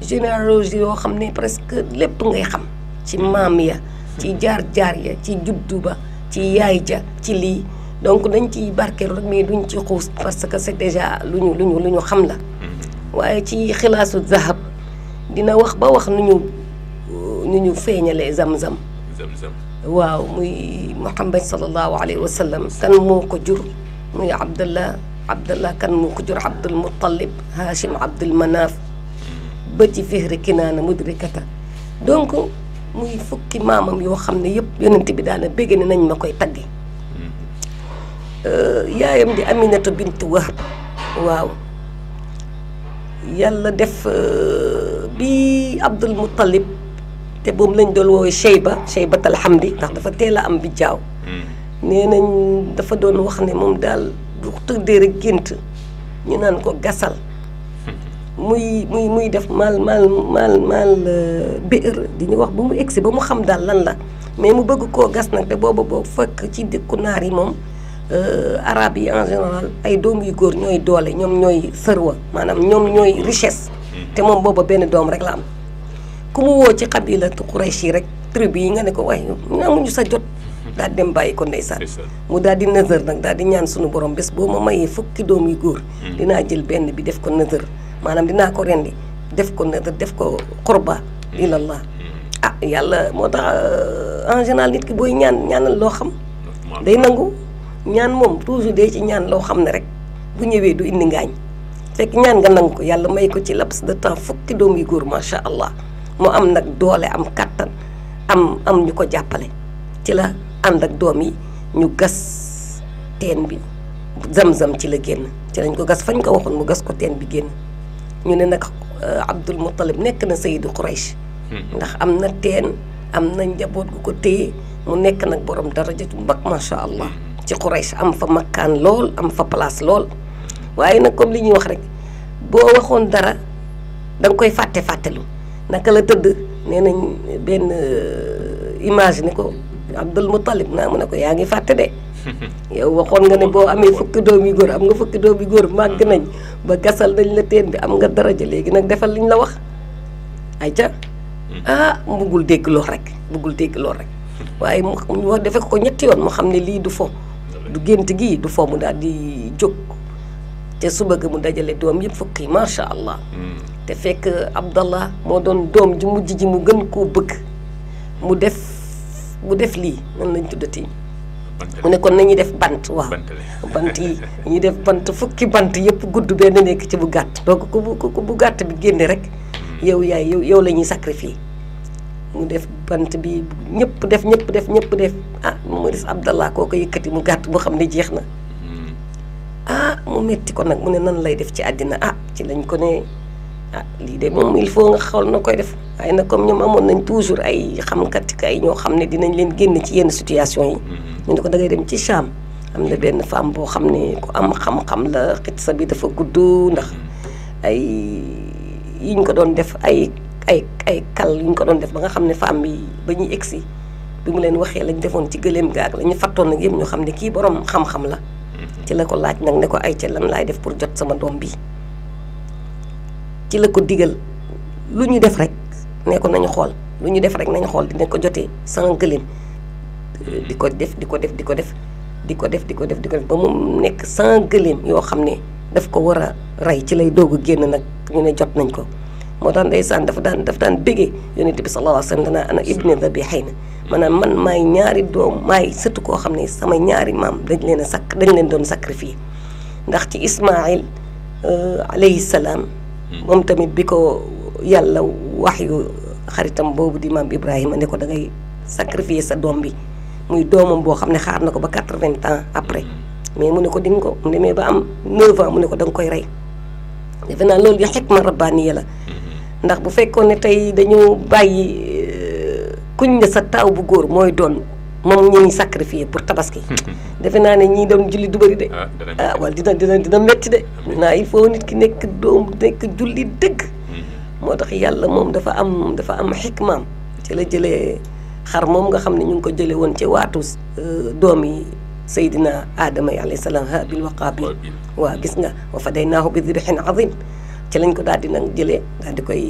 généalogie yoo xam ne presque lépp ngay xam ci maam ya ci jaar-jaar ya ci juddu ba ci yaay ja ci lii donc dañ ci barké rek mais duñ ci xous parce que c'est déjà luñu luñu luñu xam la waye ci khilasu zahab dina wax ba wax nuñu nuñu ñu feeñalee zam-zam waaw muy muhammad salallahu alayhi wa sallam kan moko jur muy abdallah abdallah kan moko jur abdul muttalib hashim abdul manaf ba ci fihr kinana mudrikata donc muy fukki mamam yo xamne ne yëpp yonent bi dana begene ne nañ ma koy tagge Euh, yaayam di Aminata bint Wahb waaw yàlla def euh, bi Abdul Muttalib te boobu lañ doon woowee Cheyba Cheybatal Hamdi ndax dafa teel a am bi jaaw hmm. nee nañ dafa doon wax ne moom daal du tëddee rek gént ñu naan ko gasal hmm. muy muy muy def maal maal maal maal euh, biir di ñu wax ba mu egg si ba mu xam daal lan la mais mu bëgg koo gas nag te booba boo fekk ci dëkku naar yi moom euh, arabes yi en général ay doom yu gor ñoy doole ñom ñoy serwa manam ñom ñoy richesse hmm. té mom bobu ben doom rek la am ku mu woo ci qabila quraish rek tribu yi nga ne ko waaye amuñu sa jot hmm. daal dem bàyyi ko ndeysaan mu daal di nazar, nag daal di ñaan suñu borom bes bo ma mayee fukki doom yu gor hmm. dina jël ben bi def ko nëzër manam dina ko rendi def ko nëzër def ko qurba ilallah ah yalla motax euh, en général nit ki boy ñaan ñaanal lo xam day nangu ñaan moom toujours de ci ñaan loo xam ne rek bu ñëwee du indi ngaañ fekk ñaan nga nangu ko yàlla may ko ci laps de temps fukki doom yu góor macha allah mu am nag doole am kàttan am am ñu ko jàppale ci la ànd ak doom yi ñu gas teen bi zam-zam ci la génn ci lañ ko gas fañ ko waxoon mu gas ko teen bi génn ñu ne nag euh, Abdul Muttalib nekk na Sayyidu Quraysh hmm. ndax am na teen am na njaboot gu ko téye mu nekk nag boroom daraja ju mag macha allah. Hmm. ci quraish am fa makan lol am fa place lol waye nak comme li wax rek bo waxoon dara dang koy faté nak la teud nena ben euh, image ni Abdul Mutalib, na mu nako yaangi faté de (laughs) yow waxoon nga ne bo amé fukk doomi gor am nga fukk doomi gor mag hmm. nañ ba gassal dañ la teen bi am nga daraja légui nak defal liñ la wax ay ca hmm. ah mbugul dégg lo rek mbugul dégg lo rek (laughs) waye mu wax ko ñetti yoon mu xamné li du fo du gént gi du foo mu daal di jóg te su bëgg mu dajalee doom yëpp fukki macha allah. Hmm. te fekk Abdallah moo doon doom ji mujj ji mu gën koo bëgg mu def mu def lii nan lañ tuddati mu ne kon nañuy def bant waaw bant yi ñuy def bant fukki bant yëpp gudd benn nekk ci bu gàtt donc ku bu ku bu gàtt bi génne rek hmm. yow yaay yow yow la ñuy sacrifier mu def bant bi ñëpp def ñëpp def ñëpp def ah Maurice Abdallah koo ko yëkkati mu gàtt boo xam ne jeex na hmm. ah mu metti ko nag mu ne nan lay def ci àddina ah ci lañ ko ne ah lii de moom il faut nga xool na koy def waaye nag comme ñoom amoon nañ toujours ay xamkat ay ñoo xam ne dinañ leen génn ci yenn situation yi hmm. ñu ne ko da ngay dem ci Cham am na benn femme boo xam ne ku am xam-xam la xit sa bi dafa gudd ndax hmm. ay yiñ ko doon def ay ay ay kal yu ñu ko doon def ba nga xam ne femme yi ba ñuy egsi bi mu leen waxee lañ defoon ci gëléem gaag la ñu fattoon nag yëpp ñu xam ne kii borom xam-xam la mhm. ci la ko laaj nag ne ko ay ca lan laay def pour jot sama doom bi ci la ko digal lu ñu def rek ne ko nañu xool lu ñu def rek nañu xool dinañ ko jotee sans gëléem mhm. di ko def di ko def di ko def di ko def di ko def di ba mu nekk sans gëléem yoo xam ne daf ko war a rey ci lay doog génn nag ñu ne jot nañ ko moo tax ndeysaan dafa daan daf daan béggee yonent bi sallallahu alayhi wa sallam danaa ana ibni Dhabihayn maanaam man maay ñaari doom maay satu koo xam ne sama ñaari maam dañ leen a sakk dañ leen doon ndax ci Ismaïl euh, alayhi salaam hmm. moom tamit bi ko yàlla waxyu xaritam boobu di maam Ibrahima ne ko da ngay sacrifier sa doom bi muy doomam boo xam ne xaar na ko ba quatre-vingts ans après hmm. mais mu ne ko di ko mu demee ba am neuf ans mu ne ko da koy rey defe naa loolu yi ma rabbaaniya la hmm. ndax bu fekkone tay dañu bàyyi kuñ ne sa taw bu góor mooy doon ñi ñi sacrifier pour tabaski. defe na ne ñi dem julli du bari de. ah wal dina dina dina métti de. na il faut nit ki nek doom nek julli deug motax yàlla mom dafa am dafa am hikmam ci la jëlé xar mom nga xamni ñu ko jëlé won ci watu doom yi. Seydina Adama alayhi salaam haabil wa qaabil. waaw gis nga ci lañ ko daal di nag jëlee daal di koy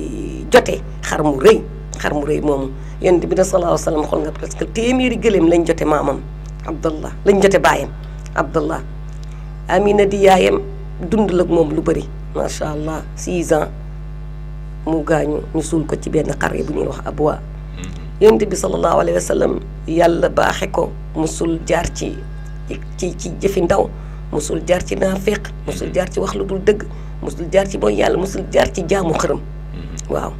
jotee xar mu rëy xar mu rëy moomu yonent bi na sallallahu alayhi wa sallam xool nga presque téeméeri gëléem lañ jote maamam abdallah lañ jote baayam abdallah amina di yaayam dund la moom lu bëri macha allah 6 ans mu gaañu ñu suul ko ci benn xare bu ñuy wax abwa mm-hmm. yonent bi sallallahu alayhi wa sallam yàlla baaxe ko musul jaar ci ci ci jëfi ndaw musul jaar ci naafeq musul jaar ci wax lu dul dëgg musul jaar ci bon yàlla musul jaar ci jaamu xërëm waaw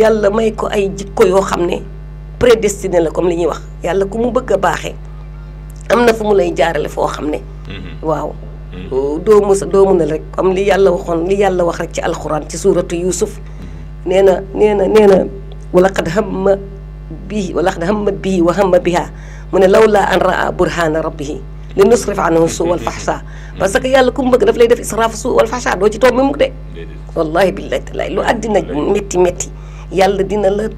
yàlla may ko ay jikko yoo xam ne prédestiné la comme li ñuy wax yàlla ku mu bëgg a baaxee am na fu mu lay jaarale foo xam ne mm-hmm. waaw mm-hmm. Oh, doo mës doo mënal rek comme li yàlla waxoon li yàlla wax rek ci alxuraan ci suuratu yuusuf mm-hmm. nee na nee na nee na wala xad hamma bii wala xad hamma bii wa hamma bihaa mu ne law laa an raa burhaana rabbihi لنصرف عنه السوء والفحشاء بس كي يالا كوم بغنا فلي ديف اسراف السوء والفحشاء دو تي تومي موك دي والله بالله لا لو ادنا متي متي يالا دينا لا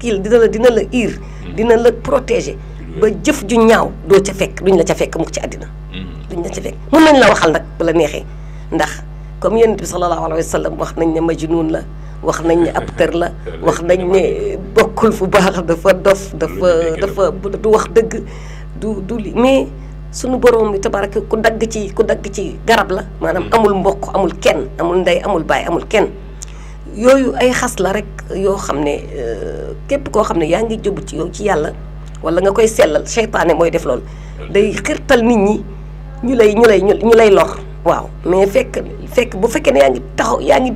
كيل دينا لا دينا لا اير دينا لا بروتيجي با جيف جو نياو دو تي فك دون لا تي فك موك تي ادنا دون لا تي فك مون نلا واخال نك بلا نيهي نده كوم يونت صلى الله عليه وسلم واخ نني مجنون لا واخ نني ابتر لا واخ نني بوكل فو باخ دا فا دوف دا فا دا فا دو واخ دغ du du li mais sunu borom bi tabaraka ku dagg ci ku dagg ci garab la maanaam mm. amul mbokk amul kenn amul ndey amul baay amul kenn yooyu ay xas la rek yoo xam ne euh, képp koo xam ne yaa ngi jubbu ci yow ci yàlla wala nga koy sellal seytaane mooy def loolu day xirtal nit ñi ñu lay ñu lay ñu lay lor waaw mais fekk fekk bu fekkee ne yaa ngi taxaw yaa ngi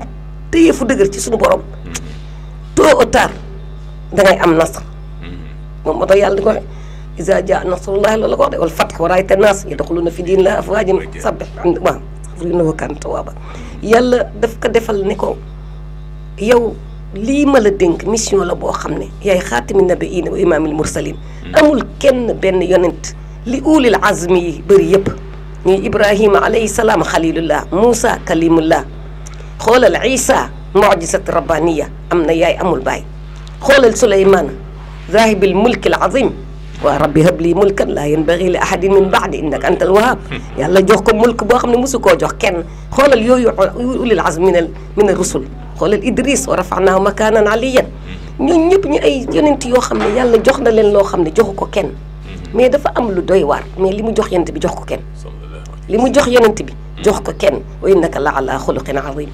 téye fu dëgër ci suñu borom mm. tôt ou dangay am nasar mm. moom moo tax yàlla di ko إذا جاء نصر الله إلا الله والفتح وراية الناس يدخلون في دين الله أفواج صبح عند نعم. ما إنه كان توابا يلا دفك دفل نيكو يو لي مالدينك دينك ميسيون لا بو خامني يا خاتم النبيين وامام المرسلين نعم. امول كين بن يوننت لي اولي العزم بري ني ابراهيم عليه السلام خليل الله موسى كليم الله خول العيسى معجزه ربانيه امنا ياي امول باي خول سليمان ذاهب الملك العظيم ربي هب لي ملكا لا ينبغي لاحد من بعدي انك انت الوهاب يلا جوخكم ملك بو خامني موسو كو جوخ كين خولال يويو اولي العزم من من الرسل xoolal Idris wa rafa'naahu makaanan aliyyan ñooñu ñëpp ñu ay yonent yoo xam ne yàlla jox na leen loo xam ne joxu ko kenn mais dafa am lu doy waar mais li mu jox yonent bi jox ko kenn li mu jox yonent bi jox ko kenn wa innaka la ala xuluqin azim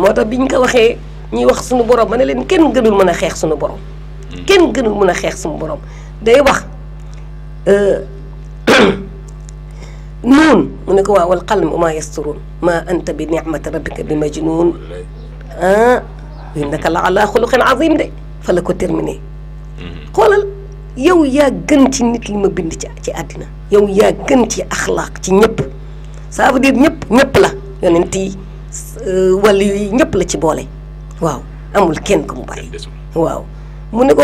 moo tax bi ñu ko waxee ñuy wax suñu borom ma ne leen kenn gënul mën a xeex suñu borom kenn gënul mën a xeex suñu borom day wax euh, (coughs) nuun mu ne ko waaw wal qalami wa anta bi nicmati rabbika bi majnuun ah innaka la ala xuluqin azim de ko terminé xoolal yow yaa gën ci nit li ma bind ci ci àddina yow yaa gën ci axlaaq ci ñëpp ça veut dire ñëpp la yonent yi euh, wàllu yi ñëpp la ci boole waaw amul kenn ko mu bàyyi waaw mu ne ko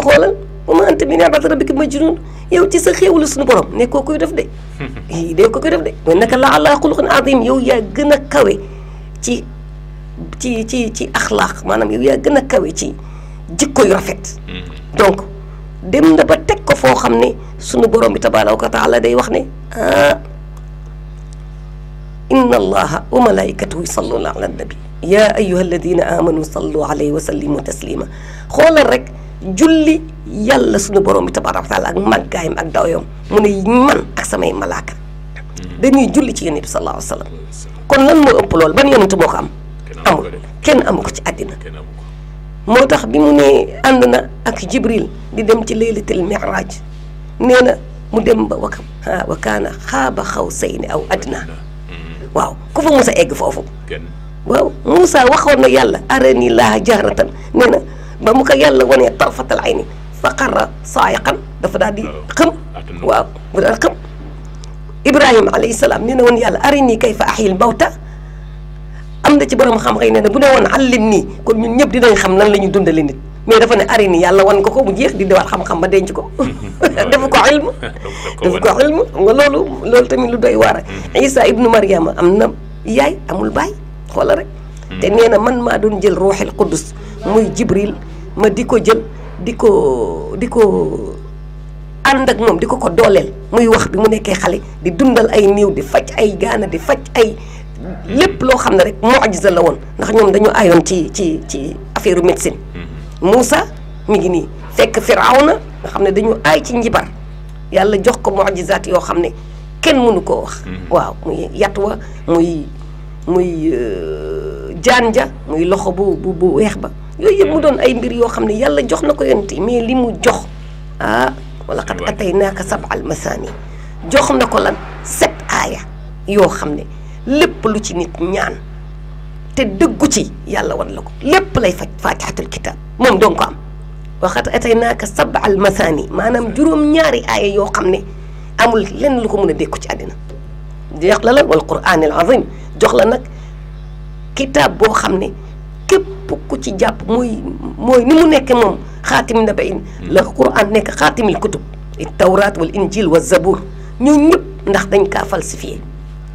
وما انت من عباد ربك مجنون يو تي سخيو لو سن بروم ني كوكو يدف دي (laughs) اي دي كوكو دي وانك لا الله خلق عظيم يو يا غنا كاوي تي تي تي تي اخلاق مانام يو يا غنا كاوي تي جيكو يرافيت دونك ديم دا با تك كو فو خامني سن بروم تبارك آه. ان الله وملائكته يصلون على النبي يا ايها الذين امنوا صلوا عليه وسلموا تسليما خول julli yàlla suñu borom bi tabarak taala ak màggaayam ak dayoom mu ne man ak samay malaaka dañuy julli ci yunus sallallahu alayhi wasallam kon lan mo ëpp loolu ban yonent moo ko am amul kenn amuko ci adina motax bi mu ne ànd ak jibril di dem ci laylatul mi'raj neena mu dem ba wakam ha wa kana khaba khawsayn aw adna waaw ku fa musa egg foofu waaw musa waxoon na yàlla arani la jahratan neena ba mu ko yàlla wanee tarfatal ay ni fa xarra saayiqan dafa daal di xam waaw bu daal xam ibrahima alayhi salaam nee na woon yàlla arini kayfa axyil mawta am na ci borom xam-xam yi ne ne bu ne woon allim nii kon ñun ñëpp dinañ xam nan la ñuy dundale nit mais dafa ne ari ni wan ko ko mu jeex di dewal xam-xam ba denc ko (laughs) dafa ko ilm (laughs) dafa ko ilm nga loolu loolu lu doy waar hmm. isa ibnu mariama am na yaay amul baay xoola rek hmm. te nee na man ma doon jël ruuxil qudus muy jibril ma di ko jël di ko di ko ànd ak moom di ko ko dooleel muy wax bi mu nekkee xale di dundal ay néew di faj ay gaana di faj ay lépp loo xam ne rek mu'jiza la woon ndax ñoom dañu ayoon ci ci ci affaire médecine mhm. Moussa mu ngi nii fekk Firawna nga xam ne dañu ay ci njibar yàlla jox ko mu'jizaat yoo xam ne kenn mënu koo wax mhm. waaw muy yat wa muy muy jaan ja muy loxo bu bu bu weex ba yooyu yëpp mu doon ay mbir yoo xam yàlla jox na ko yonent yi mais li mu jox ah wala xat atay naaka sabal masaani jox na ko lan sept aaya yoo xam ne lépp lu ci nit ñaan te dëggu ci yàlla wan la ko lépp lay faj faatihatul kitaab moom doon ko am waxat atay naaka sabal masaani maanaam juróom-ñaari aaya yoo xam ne amul lenn lu ko mën a dékku ci àddina jeex la la wal quraan al azim jox la nag kitaab boo xam ne képp ku ci jàpp mooy mooy ni mu nekk moom xaatim na ba in hmm. la quran nekk xaatimil kutub tawraat wal injil wa zabour ñoo ñëpp ndax dañ kaa falsifié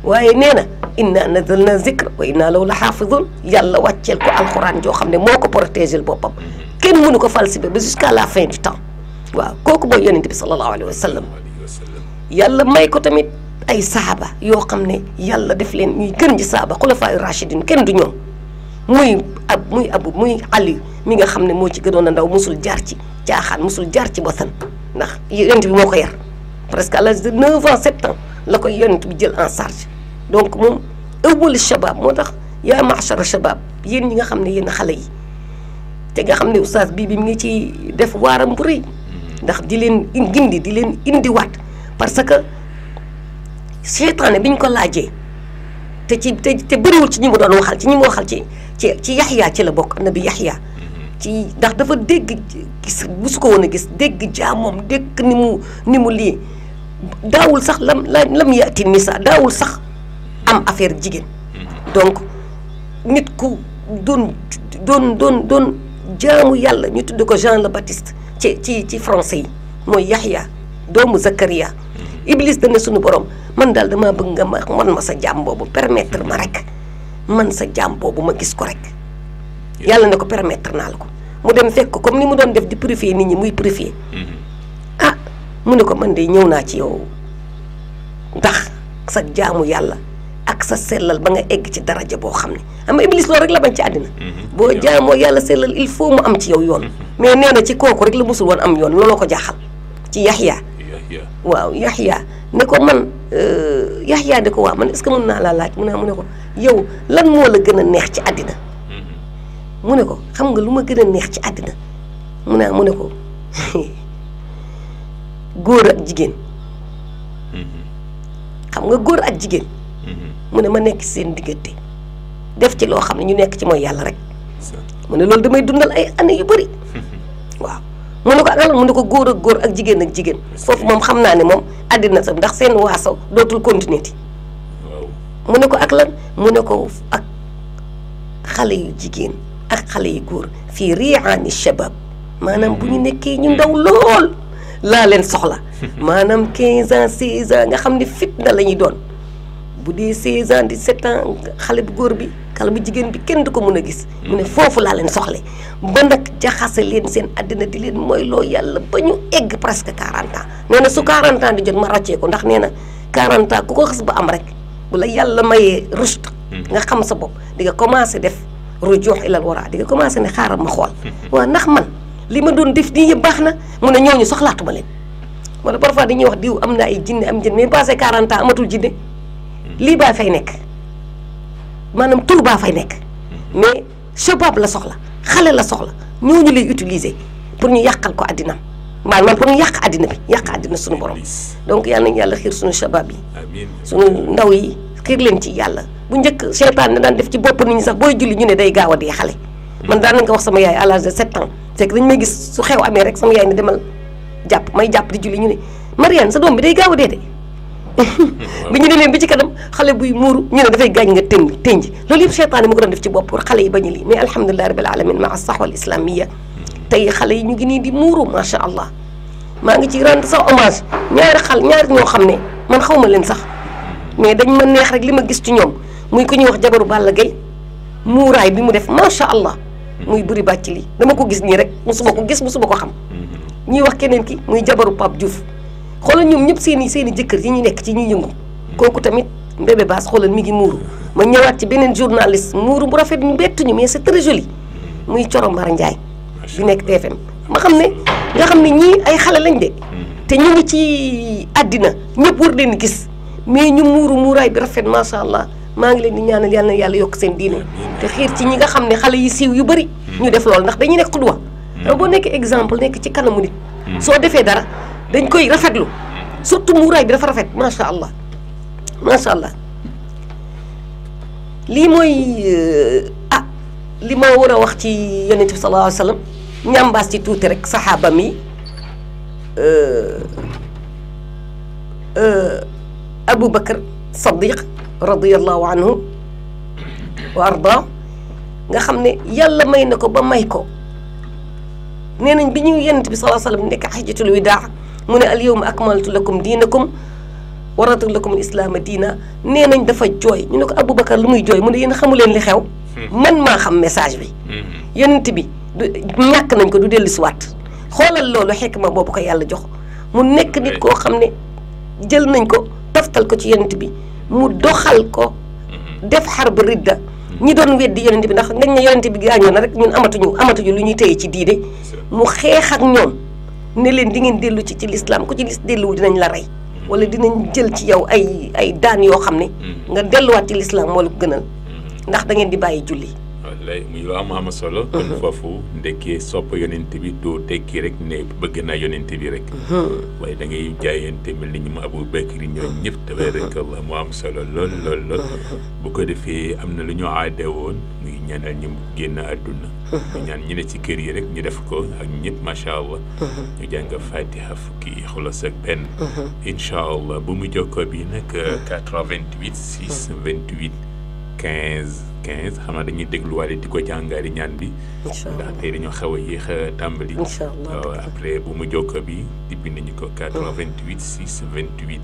waaye nee na inna nazalna zikra wa inna law la xaafidun yàlla wàcceel ko alxuraan joo xam ne moo ko protégé boppam hmm. kenn mënu ko falsifié ba jusqu'à la fin du temps waaw kooku mooy yonente bi sallallahu alayhi wa sallam yàlla may ko tamit ay saaba yoo xam ne yàlla def leen ñuy gën ji saaba xulafaayu rachidin kenn du ñoom muy ab muy abu muy ali mi nga xam ne moo ci gënoon a ndaw musul jaar ci caaxaan musul jaar ci bosan ndax yonent bi moo ko yar presque à l'âge de 9 ans 7 la koy yonent bi jël en charge donc moom ëwwalu shabab moo tax yaa machara shabab yéen ñi nga xam ne yéen xale yi te nga xam ne oustaz bii bi mu ngi ci def waaram bu ndax di leen gindi di leen indiwaat parce que seytaane bi ñu ko laa jee te ci te te bëriwul ci ñi mu doon waxal ci ñi mu waxal ci ci ci yaxyaa ci la bokk annabi yaxyaa mhm. ci ndax dafa dégg gis musu ko woon gis dégg jaamoom dégg ni mu ni mu lii daawul sax lam la lam yaati nisa daawul sax am affaire jigéen mhm. donc nit ku doon doon doon doon jaamu yàlla ñu tudd ko Jean le Baptiste ci ci ci français yi mooy yaxya doomu Zakaria iblis dana sunu borom man dal dama bëgg nga ma man ma sa jaam bobu permettre ma rek man sa jaam bobu ma gis ko rek yalla ne ko permettre naa ko mu dem fekk comme ni mu don def di purifier nit ñi muy purifier mm-hmm. ah mu ne ko man de ñew na ci yow ndax sa jaamu yalla ak sa selal ba nga egg ci daraja bo xamni am iblis lo rek la ban ci adina mm-hmm. bo jaamoo yalla selal il faut mu am ci yow yoon mm-hmm. mais neena ci koku rek la musul won am yoon lolo ko jaxal ci yahya waaw yaxyaa ne ko man euh, yaxyaa ne ko waaw man est-ce que mën naa laa laaj mu ne mu ne ko yow lan moo la gën a neex ci àddina mm-hmm. mu ne ko xam nga lu ma gën a neex ci àddina mu ne mu ne ko (laughs) góor ak jigéen mm-hmm. xam nga góor ak jigéen mm-hmm. mu ne ma nekk seen diggante def ci loo xam ne ñu nekk ci mooy yàlla rek mu ne loolu damay dundal ay année yu bari (laughs) waaw mu ne ko ak lan mu ne ko góor ak góor ak jigéen ak jigéen foofu moom xam naa ne moom àddina sa ndax seen waaso dootul continuer ti mu ne ko ak lan mu ne ko ak xale yu jigéen ak xale yu góor fii riyaani shabab maanaam bu ñu nekkee ñu ndaw lool laa leen soxla (laughs) maanaam quinze ans 16 ans nga xam ne fitna la ñuy doon bu dee 16 ans 17 ans xale bu góor bi xale bu jigéen bi kenn du ko mën a gis. mu ne mm. foofu laa leen soxle ba nag jaxase leen seen addina di leen mooy loo yàlla ba ñu egg presque 40 ans nee na su 40 di jot ma ràccee ko ndax nee na 40 ku ko xas ba am rek bu la yàlla mayee rust. Mm-hmm. nga xam sa bopp di nga commencé def rujuux ilal wara di nga commencé ne xaaral ma xool. Mm-hmm. waaw ndax man li ma doon def nii yëpp baax na mu ne ñooñu soxlaatuma leen. wala parfois dañuy wax diw am na ay jinne am jinne mais passé 40 ans amatul jinne. lii baa fay nekk maanaam tur baa fay nekk mais shabab la soxla xale la soxla ñooñu lay utiliser pour ñu yàqal ko àddina maanaam pour ñu yàq àddina bi yàq àddina suñu borom donc yal nañu yàlla xiir suñu shabab yi suñu ndaw yi xiir leen ci yàlla bu njëkk seytaan ne daan def ci bopp nit ñi sax booy julli ñu ne day gaaw a dee xale hmm. man daan nañ ko wax sama yaay à l'âge de sept ans c'est que may gis su xew amee rek sama yaay ne demal jàpp may jàpp di julli ñu ne Mariane sa doom bi day gaaw a (laughs) bi ñu ne leen bi ci kanam xale buy muuru ñu ne dafay gaañ nga tënj tënj loolu yëpp seytaane mu ko doon def ci bopp pour xale yi bañu lii mais alhamdulilah rabbil alamin maa saxwal islamia tey xale yi ñu ngi nii di muuru macha allah maa ngi ci rendre sax hommage ñaari xal ñaari ñoo xam ne man xaw ma leen sax mais dañ ma neex rek li ma gis ci ñoom muy ku ñuy wax jabaru Balla Gaye muuraay bi mu def macha allah muy buri bàcc li dama ko gis nii rek musuma ko gis musuma ko xam ñuy wax keneen ki muy jabaru Pape Diouf xoolal ñoom ñëpp seeni seeni jëkkër yi ñu nekk ci ñuy yëngu kooku tamit Mbébé Baas xoolal mi ngi muuru ma ñëwaat ci beneen journaliste muuru bu rafet ñu bettuñu mais c'est très joli muy Corombara Ndiaye bi nekk TFM ma xam ne nga xam ne ñii ay xale lañ de hmm. te ñu ngi ci àddina ñëpp war leen gis mais ñu muuru muuraay rafet macha allah maa ngi leen di ñaanal yal na yàlla yokk seen diine te xiir ci ñi nga xam ne xale yi siiw yu bëri ñu hmm. def loolu ndax dañu nekk xudwa hmm. boo nekkee exemple nekk ci kanamu nit soo defee dara dañ koy rafetlu surtout muuraay bi dafa rafet macha allah macha allah lii mooy ah li ma war a wax ci yonent bi sallallahu alayhi wa sallam ñambaas ci tuuti rek saxaaba mi Abu Bakar Saddiq radiyallahu anhu wa ardaa nga xam ne yàlla may na ko ba may ko nee nañ bi ñu yonent bi sallallahu alayhi wa sallam nekk xajatul widaa من اليوم أكملت لكم دينكم ورد لكم الإسلام دينا نين دفع جوي نينك أبو بكر لمي جوي من ين خمولين لخيو من ما خم مساج بي ينتبي نياك نينك دو ديل سوات خول اللولو حكمة بابو كي يالا جوخ من نك نيت كو خم ني جل نينك تفتل كو ينتبي مو دخل كو def harb ridda hmm. ñi doon wedd yonent bi ndax nañ ne yonent bi gañu na rek ñun amatuñu amatuñu lu ñuy tey ci diide mu ne leen di ngeen dellu ci ci lislaam ko ci lis delluwul dinañ la rey wala dinañ jël ci yow ay ay daan yoo xam ne mm-hmm. nga delluwaat ci lislaam moo la ko gënal mm-hmm. ndax da ngeen di bàyyi julli lay muy am am solo mm-hmm. kon foofu ndekkee yonent bi doo tekki rek bëgg naa yonent bi rek waaye da ngay jaayante mel ni ñu ma abou mu am solo lool lool lool bu ko defee am na lu ñu aade woon muy ñaanal ñu génn àdduna ñu ñaan ñi ne ci kër yi rek ñu def ko ak ñëpp macha allah. ñu jàng fatiha fukki xulas ak benn. incha allah bu mu jokkoo bi nag 88 6 28 15 xam naa dañuy dégluwaale di ko jàngaari ñaan bi. incha allah ndax tey dañoo xaw a yéex a tàmbali. incha euh, après bu mu jokkoo bi di nañu ñu ko 88 6 28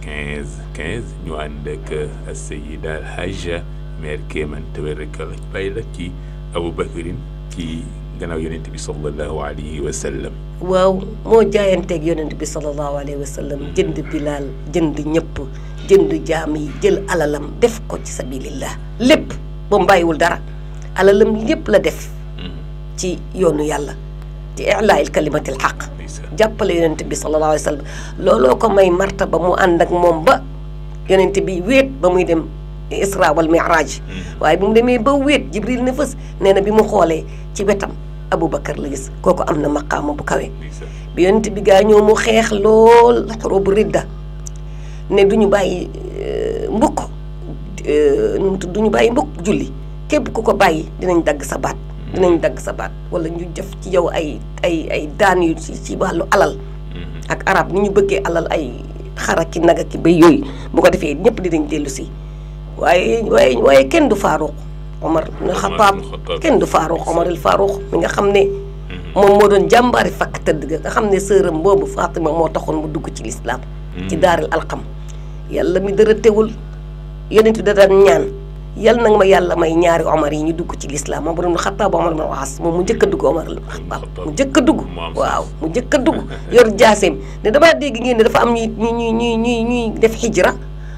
15 15 ñu ànd ak euh, Seyida Alhaja mère Kéeman Tabarakalla bàyyi la ci. أبو بكر كي جناو يونت بي صلى الله عليه وسلم واو مو جاي انت يونت بي صلى الله عليه وسلم جند بلال جند نيب جند جامي جيل علالم ديف كو سي سبيل الله ليب بوم بايول دارا علالم ليب لا ديف تي يونو يالا تي اعلاء الكلمه الحق جابل يونت بي صلى الله عليه وسلم لولو كو ماي مرتبه مو اندك موم با يونت بي ويت باموي ديم isra wal mm-hmm. waaye bu mu demee ba wéet jibril ne fës nee na bi mu xoolee ci wetam abu aboubacar la gis kooku am na maqaama bu kawe bi yonent bi gaa ñoo mu xeex lool xorobu ridda ne duñu bàyyi euh, mbukk euh, duñu bàyyi mbukk julli képp ku ko bàyyi dinañ dagg sa baat mm-hmm. dinañ dagg sa baat wala ñu def ci yow ay ay ay daan yu ci wàllu alal mm-hmm. ak arab ni ñu bëggee alal ay xara ki nag ki bay yooyu bu ko defee ñëpp dinañ dellu si waaye waaye waaye kenn du Faaruq Omar ibn Xataab kenn du Faaruq Omar il Faaruq mi nga xam ne mm-hmm. moom moo doon jàmbaari fakk tëdd ga nga xam ne sëram boobu Fatima moo taxoon mu dugg ci lislaam mm-hmm. ci daaril alxam yàlla mi dara teewul yonent bi da daan ñaan ma yàlla may ñaari Omar yi ñu dugg ci lislaam moom Omar ibn Xataab Omar ibn Waas moom mu njëkk a dugg Omar ibn Xataab mu njëkk a dugg waaw mu njëkk dugg (laughs) yor jaaseem ne damaa dégg ngeen ne dafa am ñuy ñuy ñuy ñuy ñuy def xijra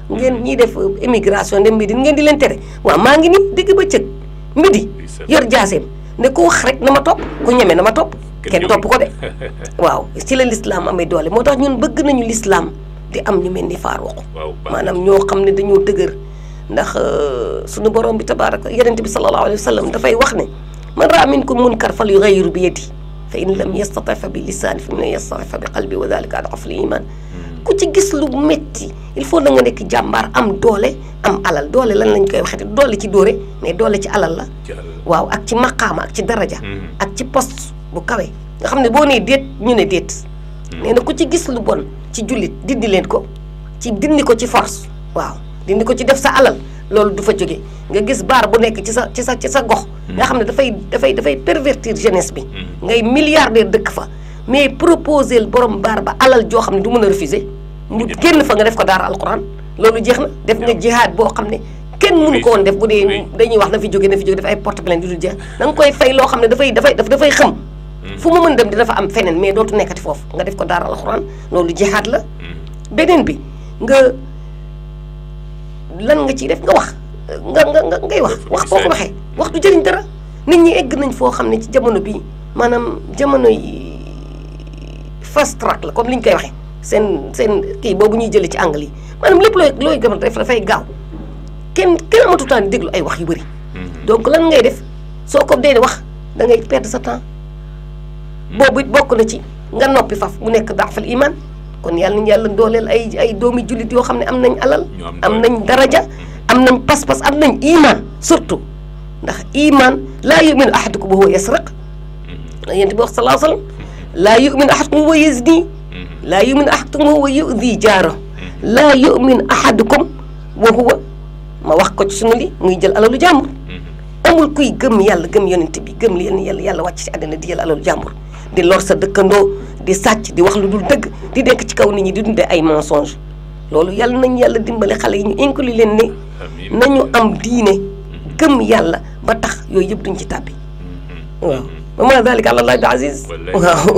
ngeen ñiy def euh, émigration dem Médine ngeen di leen tere waaw maa ngi nii dégg ba cëg midi yor jaaseem ne ko wax rek na ma topp ko ñeme na ma topp kenn topp ko de (laughs) waaw ci la lislaam amee doole moo tax ñun bëgg nañu lislaam di am ñu mel ni faaruq maanaam ñoo xam ne dañoo dëgër ndax euh, suñu borom bi tabaraka yonent bi sallallahu alayhi wa dafay wax ne man raa minkum munkar fal yughayyiru bi yadihi fa in lam yastati fa bi lisaani fa in lam yastati ku ci gis lu métti il faut na nga nekk jàmbaar am doole am alal doole lan lañ koy waxati doole ci dóore mais doole ci alal la waaw ak ci maqaama ak ci daraja mm-hmm. ak ci post bu kawe nga xam ne boo nee déet ñu ne déet mm-hmm. nee na ku ci gis lu bon ci jullit dindi leen ko ci dindi ko ci force waaw dindi ko ci def sa alal loolu du fa jóge nga gis baar bu nekk ci sa ci sa ci sa gox mm-hmm. nga xam ne dafay dafay dafay pervertir jeunesse bi ngay milliardaire dëkk fa mais proposer borom baar ba alal joo xam ne du mën a refuser mu génn fa nga def ko daar daara alquran loolu jeex na def nga jihaad boo xam ne kenn mënu ko woon def bu dee dañuy wax na fi jóge na fi jóge def ay porte plainte du jeex da nga koy fay loo xam ne dafay dafay dafay xëm hmm. fu ma mën dem di dafa am feneen mais dootu nekkati foofu nga def ko daara alquran loolu jihaad la hmm. beneen bi nga lan nga ciy def nga wax nga nga nga ngay wax wax boo ko waxee wax du jëliñ dara nit ñi egg nañ foo xam ne ci jamono bii maanaam jamono yi first track la comme liñ koy waxe sen sen ki bobu ñuy jël ci angle yi manam lepp loy loy gëm def fay gaaw ken ken amatu tan deglu ay wax yu bari mhm. donc lan ngay def soko ko wax da ngay perdre sa temps bobu bokku na ci nga nopi faf mu nek dafal iman kon yalla nañu yalla dolel ay ay doomi julit yo xamne am nañ alal. am nañ daraja mhm. am nañ pas-pas am nañ iman surtout ndax iman la yuminu ahadukum wa huwa yasraq mhm. yéen bi wax sallallahu alayhi wasallam laa yumin ahadukum wa yazni yu yumin ahadukum wa yu'di jaaro laa yumin ahadukum wa huwa ma wax ko ci sunu li muy jël alalu jàmbur amul kuy gëm yàlla gëm yonent bi gëm leen yàlla yàlla wàcc ci àddina di jël alalu jàmbur di lor sa dëkkandoo di sàcc di wax lu dul dëgg di denk ci kaw nit ñi di dundee ay mensonge loolu yàlla nañu yàlla dimbale xale yi ñu inclure leen ne nañu am diine gëm yàlla ba tax yooyu yëpp duñ ci tàbbi wa maa daalika alallaahi bi aziz waaw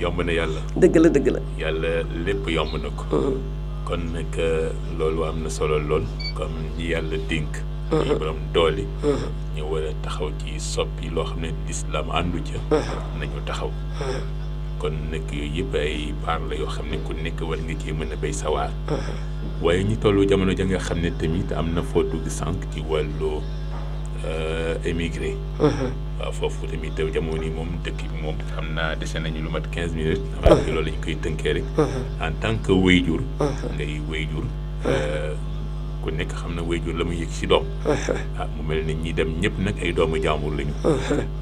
yomb na yàlla dëgg la dëgg la yàlla lépp yomb na ko mm-hmm. kon nag euh, loolu am na solo lool comme yàlla dénk ñi mm-hmm. borom doole mm-hmm. ñu war taxaw ci soppi loo xam ne lislaam àndu ca nañu taxaw kon nag yooyu yëpp ay paar la yoo xam ne ku nekk war nga cee mën a béy sawaar waaye ñu tollu jamono ja nga xam ne tamit am na foo dugg sànq ci wàllu Euh, émigré. Uh-huh. waaw foofu tamit jamono yi moom dëkk bi moom xam naa dese nañu lu mat quinze minutes. xam uh-huh. naa loolu lañ koy tënkee rek. Uh-huh. en tant que wéyjur. ngay wéyjur. Euh, ku nekk xam na wéyjur la muy yëg si doom. ah mu mel ne ñi dem ñëpp nag ay doomu jàmbur lañu.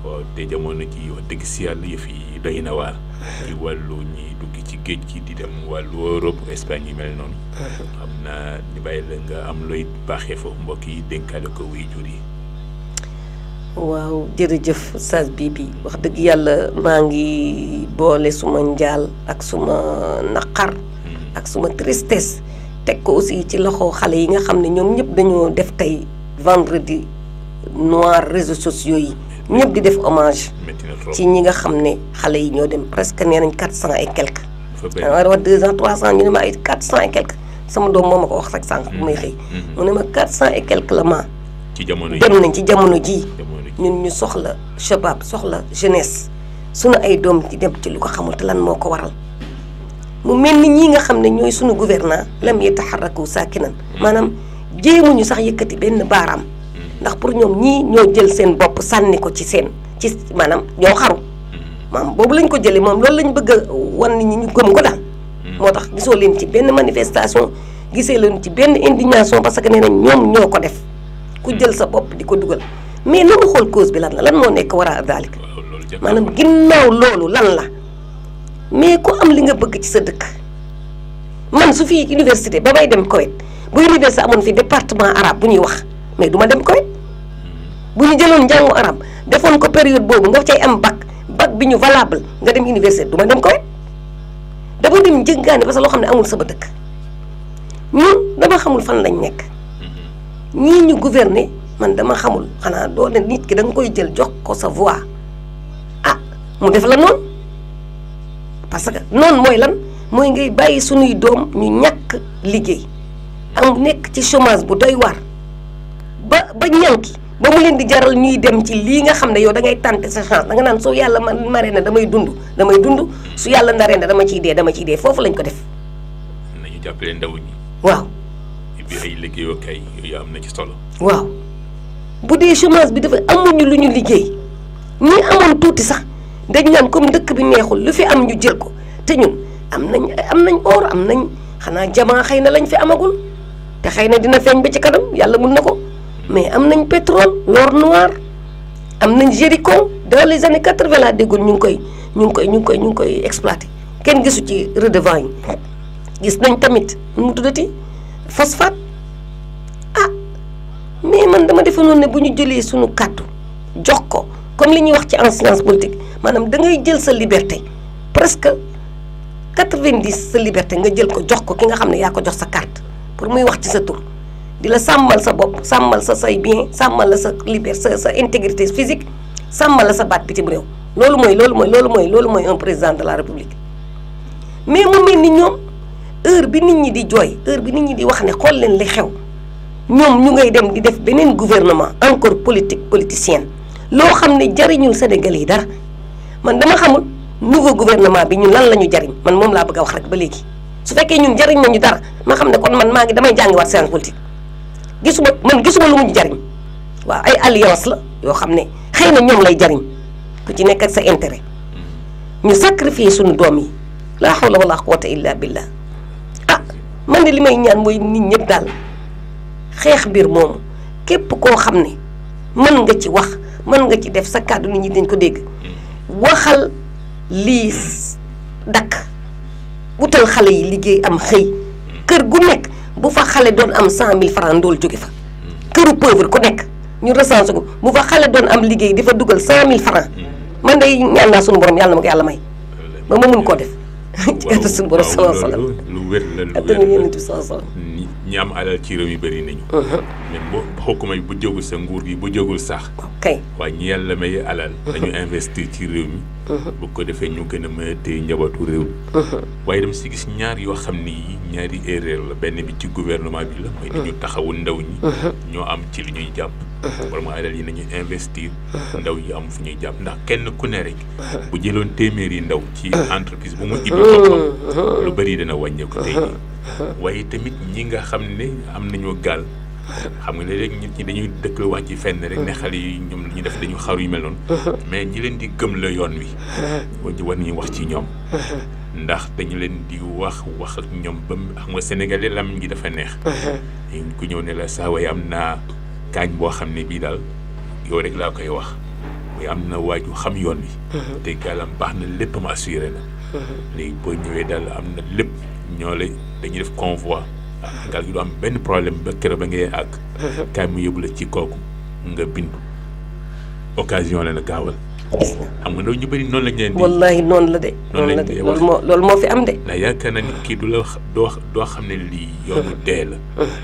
Oh, te jamono ji wax dëgg si yàlla yëf yi doy na waar. ci wàllu ñi dugg ci géej gi di dem wàllu Europe Espagne yi mel noonu. xam naa di bàyyi la nga am looy baaxee foofu mbokk yi dénkaale ko wéyjur yi. waaw jërëjëf sas bi bi wax dëgg yàlla maa ngi boole suma njaal ak suma naqar mm-hmm. ak suma tristesse teg ko aussi ci loxo xale yi nga xam ne ñoom ñëpp dañoo def tey vendredi noir réseaux sociaux yi ñëpp di def hommage ci ñi nga xam ne xale yi ñoo dem presque nee nañ quatre cent et quelque war wax deux ans trois cent ñu ma ay quatre cent et quelque sama doom moo ma wax rek sànq bu may mm-hmm. xëy mm-hmm. mu ne ma quatre cent et quelque la ma dem nañ ci jamono ji ñun ñu soxla shabab soxla jeunesse sunu ay doom ci dem ci lu ko xamul te lan moo ko waral mu mel ni ñii nga xam ne ñooy suñu gouvernant lam yataxarraku saakinan maanaam jéemuñu sax yëkkati benn baaraam ndax pour ñoom ñii ñoo jël seen bopp sànni ko ci seen ci maanaam ñoo xaru maam boobu lañ ko jëlee moom loolu lañ bëgg a wan nit ñi ñu gëm ko daal moo tax gisoo leen ci benn manifestation gisee leen ci benn indignation parce que nee nañ ñoom ñoo ko def ku jël sa bopp di ko dugal mais na mu xool cause bi lan la lan moo nekk war a daalik maanaam ginnaaw loolu lan la mais ku am li nga bëgg ci sa dëkk man su fi université ba may dem Koweït bu université amoon fi département arabe bu ñuy wax mais duma dem Koweït bu ñu jëloon njàngu arabe defoon ko période boobu nga cay am bac bac bi ñu valable nga dem université du ma dem Koweït dama dem jëngaane parce que loo xam ne amul sama dëkk ñun dama xamul fan lañ nekk mhm. ñii ñu gouverner. man dama xamul xanaa doole nit ki da koy jël jox ko sa voix ah mu def la noonu parce que noonu mooy lan mooy ngay bàyyi sunuy doom ñu ñàkk liggéey am nekk ci chômage bu doy waar ba ba ñànki ba mu leen di jaral ñuy dem ci lii nga xam ne yow da ngay tenter sa chance da nga naan soo yàlla man maree na damay dund damay dund su yàlla ndaree na dama ciy dee dama ciy dee foofu lañ ko def. nañu jàppale ndaw waaw. bi ay am na ci solo. waaw. bu dee chômage bi dafa amuñu lu ñu liggéey ñi amoon tuuti sax dañ naan comme dëkk bi neexul lu fi am ñu jël ko te ñun am nañ am nañ or am nañ xanaa jamaa xëy na lañ fi amagul te xëy na dina feeñ ba ci kanam yàlla mun na ko mais am nañ pétrole l'or noir am nañ Jéricho dans les années quatre-vingt laa déggoon ñu ngi koy ñu koy ñu ngi koy ñu ngi koy exploité kenn gisu ci redevant yi gis nañ tamit mu tuddati phosphate defoon ne bu ñu jëlee suñu kàddu jox ko comme li ñuy wax ci en science politique maanaam da ngay jël sa liberté presque quatre-vingt-dix sa liberté nga jël ko jox ko ki nga xam ne yaa ko jox sa carte pour muy wax ci sa tur di la sàmmal sa bopp sàmmal sa say bien sàmmal sa liberté sa sa intégrité physique sàmmal sa baat bi réew loolu mooy loolu mooy loolu mooy loolu mooy un président de la république mais mu mel ni ñoom heure bi nit ñi di jooy heure bi nit ñi di wax ne xool leen li xew. ñom ñu ngay dem di def benen gouvernement encore politique politicien lo xam ne jariñul sénégal yi dara man dama xamul nouveau gouvernement bi ñun lan lañu jariñ man mom la bëgg wax rek ba légui su fekkee ñun jariñ nañu dara ma xam kon man maangi damay jàngi waat science politique gisuma man gisuma lu mu jariñ wa ay alliance la yo xam ne ñom lay jariñ ku ci nekk ak sa intérêt ñu sacrifier suñu doom yi la hawla wala quwwata illa billah ah man de li may ñaan moy nit ñepp dal xeex mbir moomu képp koo xam ne mën nga ci wax mën nga ci def sa kàddu nit ñi dañ ko dégg waxal lii dakk wutal xale yi liggéey am xëy kër gu nekk bu fa xale doon am cent mille francs ndool jóge fa këru pauvre ku nekk ñu recensé ko bu fa xale doon am liggéey di fa dugal cent mille francs man day ñaan naa sunu borom yàlla na yàlla may ba ma mun koo def ci (laughs) ëttu suñu borom sama lu wér la lu wér la yonent bi sama ñi am alal ci réew yi bëri nañu mais bu xukuma yi bu jógul sa nguur gi bu jógul sax kay waaye ñi yàlla may alal uh-huh. dañu investir ci réew mi uh-huh. bu ko defee ñu gën a mën a téye njabootu réew uh-huh. waaye dama si gis ñaar yoo xam ni ñaari erreur la benn bi ci gouvernement bi la mooy dañu taxawu ndaw ñi ñoo am ci li ñuy jàpp vraiment uh-huh. daal yi nañu investir uh-huh. ndaw yi am fu ñuy jàpp ndax kenn ku ne rek uh-huh. bu jëloon téeméer yi ndaw ci entreprise bu mu ibbi boppam lu bëri dana wàññeeku tey waaye tamit ñi nga xam ne am nañu gaal xam nga ne rek ñi dañuy dëkk wax ci fenn rek ne xale yi ñoom lu ñu def dañu xaru yu meloon mais ñi leen di gëm la yoon wi war nañu wax ci ñoom ndax dañu leen di wax wax ak ñoom ba xam nga sénégalais lam ngi dafa neex ku ñëw ne la saa waaye am naa kaañ boo xam ne bii daal yow rek laa koy wax muy am na waaju xam yoon wi mhm. te gàllam baax na lépp ma assuré na mhm. léegi boo ñëwee daal am na lépp ñoo lay dañuy def convoi mhm. gaal gi du am benn problème ba keroog ba ngay àgg kaay mu yóbbu la ci kooku nga bindu occasion la na gaawal xam nga ñu bëri noonu lañ leen di. wallaahi noonu la de. noonu la de loolu moo loolu fi am de. ndax yaakaar na nit kii du la doo doo xam ne lii. yoonu dee la.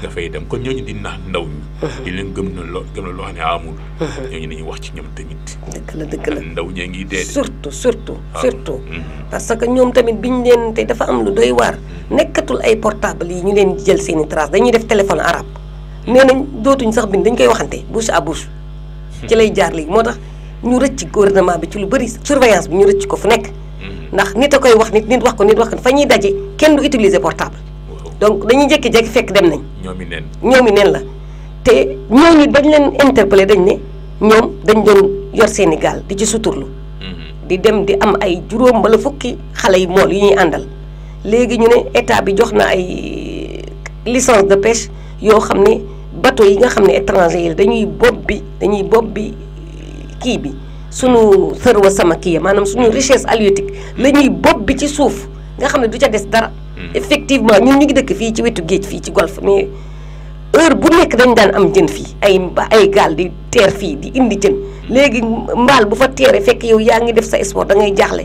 dafay fay dem kon ñooñu di nax ndaw ñi. leen gëm na loo gëm na loo xam ne amul. ñooñu dañuy wax ci ñoom tamit. dëgg la dëgg la ndaw ñee ngi dee. surtout surtout surtout. Mhm. parce que ñoom tamit biñ leen te dafa am lu doy waar. Mhm. nekkatul ay portable yi ñu leen jël seen i traces dañuy def téléphone arabe. nee nañ dootuñ sax bind dañ koy waxante bouche à bouche. Hmm. ci lay jaar léegi moo tax ñu rëcc gouvernement bi ci lu bëri surveillance bi ñu rëcc ko fu nekk. Mm-hmm. ndax nit a koy wax nit nit wax ko nit wax ko fa ñuy daje kenn du utiliser portable. donc dañuy jékki-jékki fekk dem nañ. ñoomi neen ñoomi neen la. te ñooñu bañ leen interpellé dañ ne ñoom dañ doon yor seeni gaal di ci suturlu. Mm-hmm. di dem di am ay juróom bala fukki xale yi mool yi ñuy àndal. léegi ñu ne état bi jox na ay licence de peche yoo xam ne bateau yi nga xam ne étranger yi dañuy bopp bi dañuy bopp bi. Kibi, bi sunu thërwa samakiya manam sunu richesse halieutique la bob bopp bi ci souf nga xamne du ca des dara hmm. effectivement ñun ñu ngi dëkk fi ci wetu geej fi ci golf mais heure bu nek dañ daan am jeun fi ay ay gal di ter fi di indi jeun legi mbal bu fa téré fekk yow yaa def sa sport da ngay jaxlé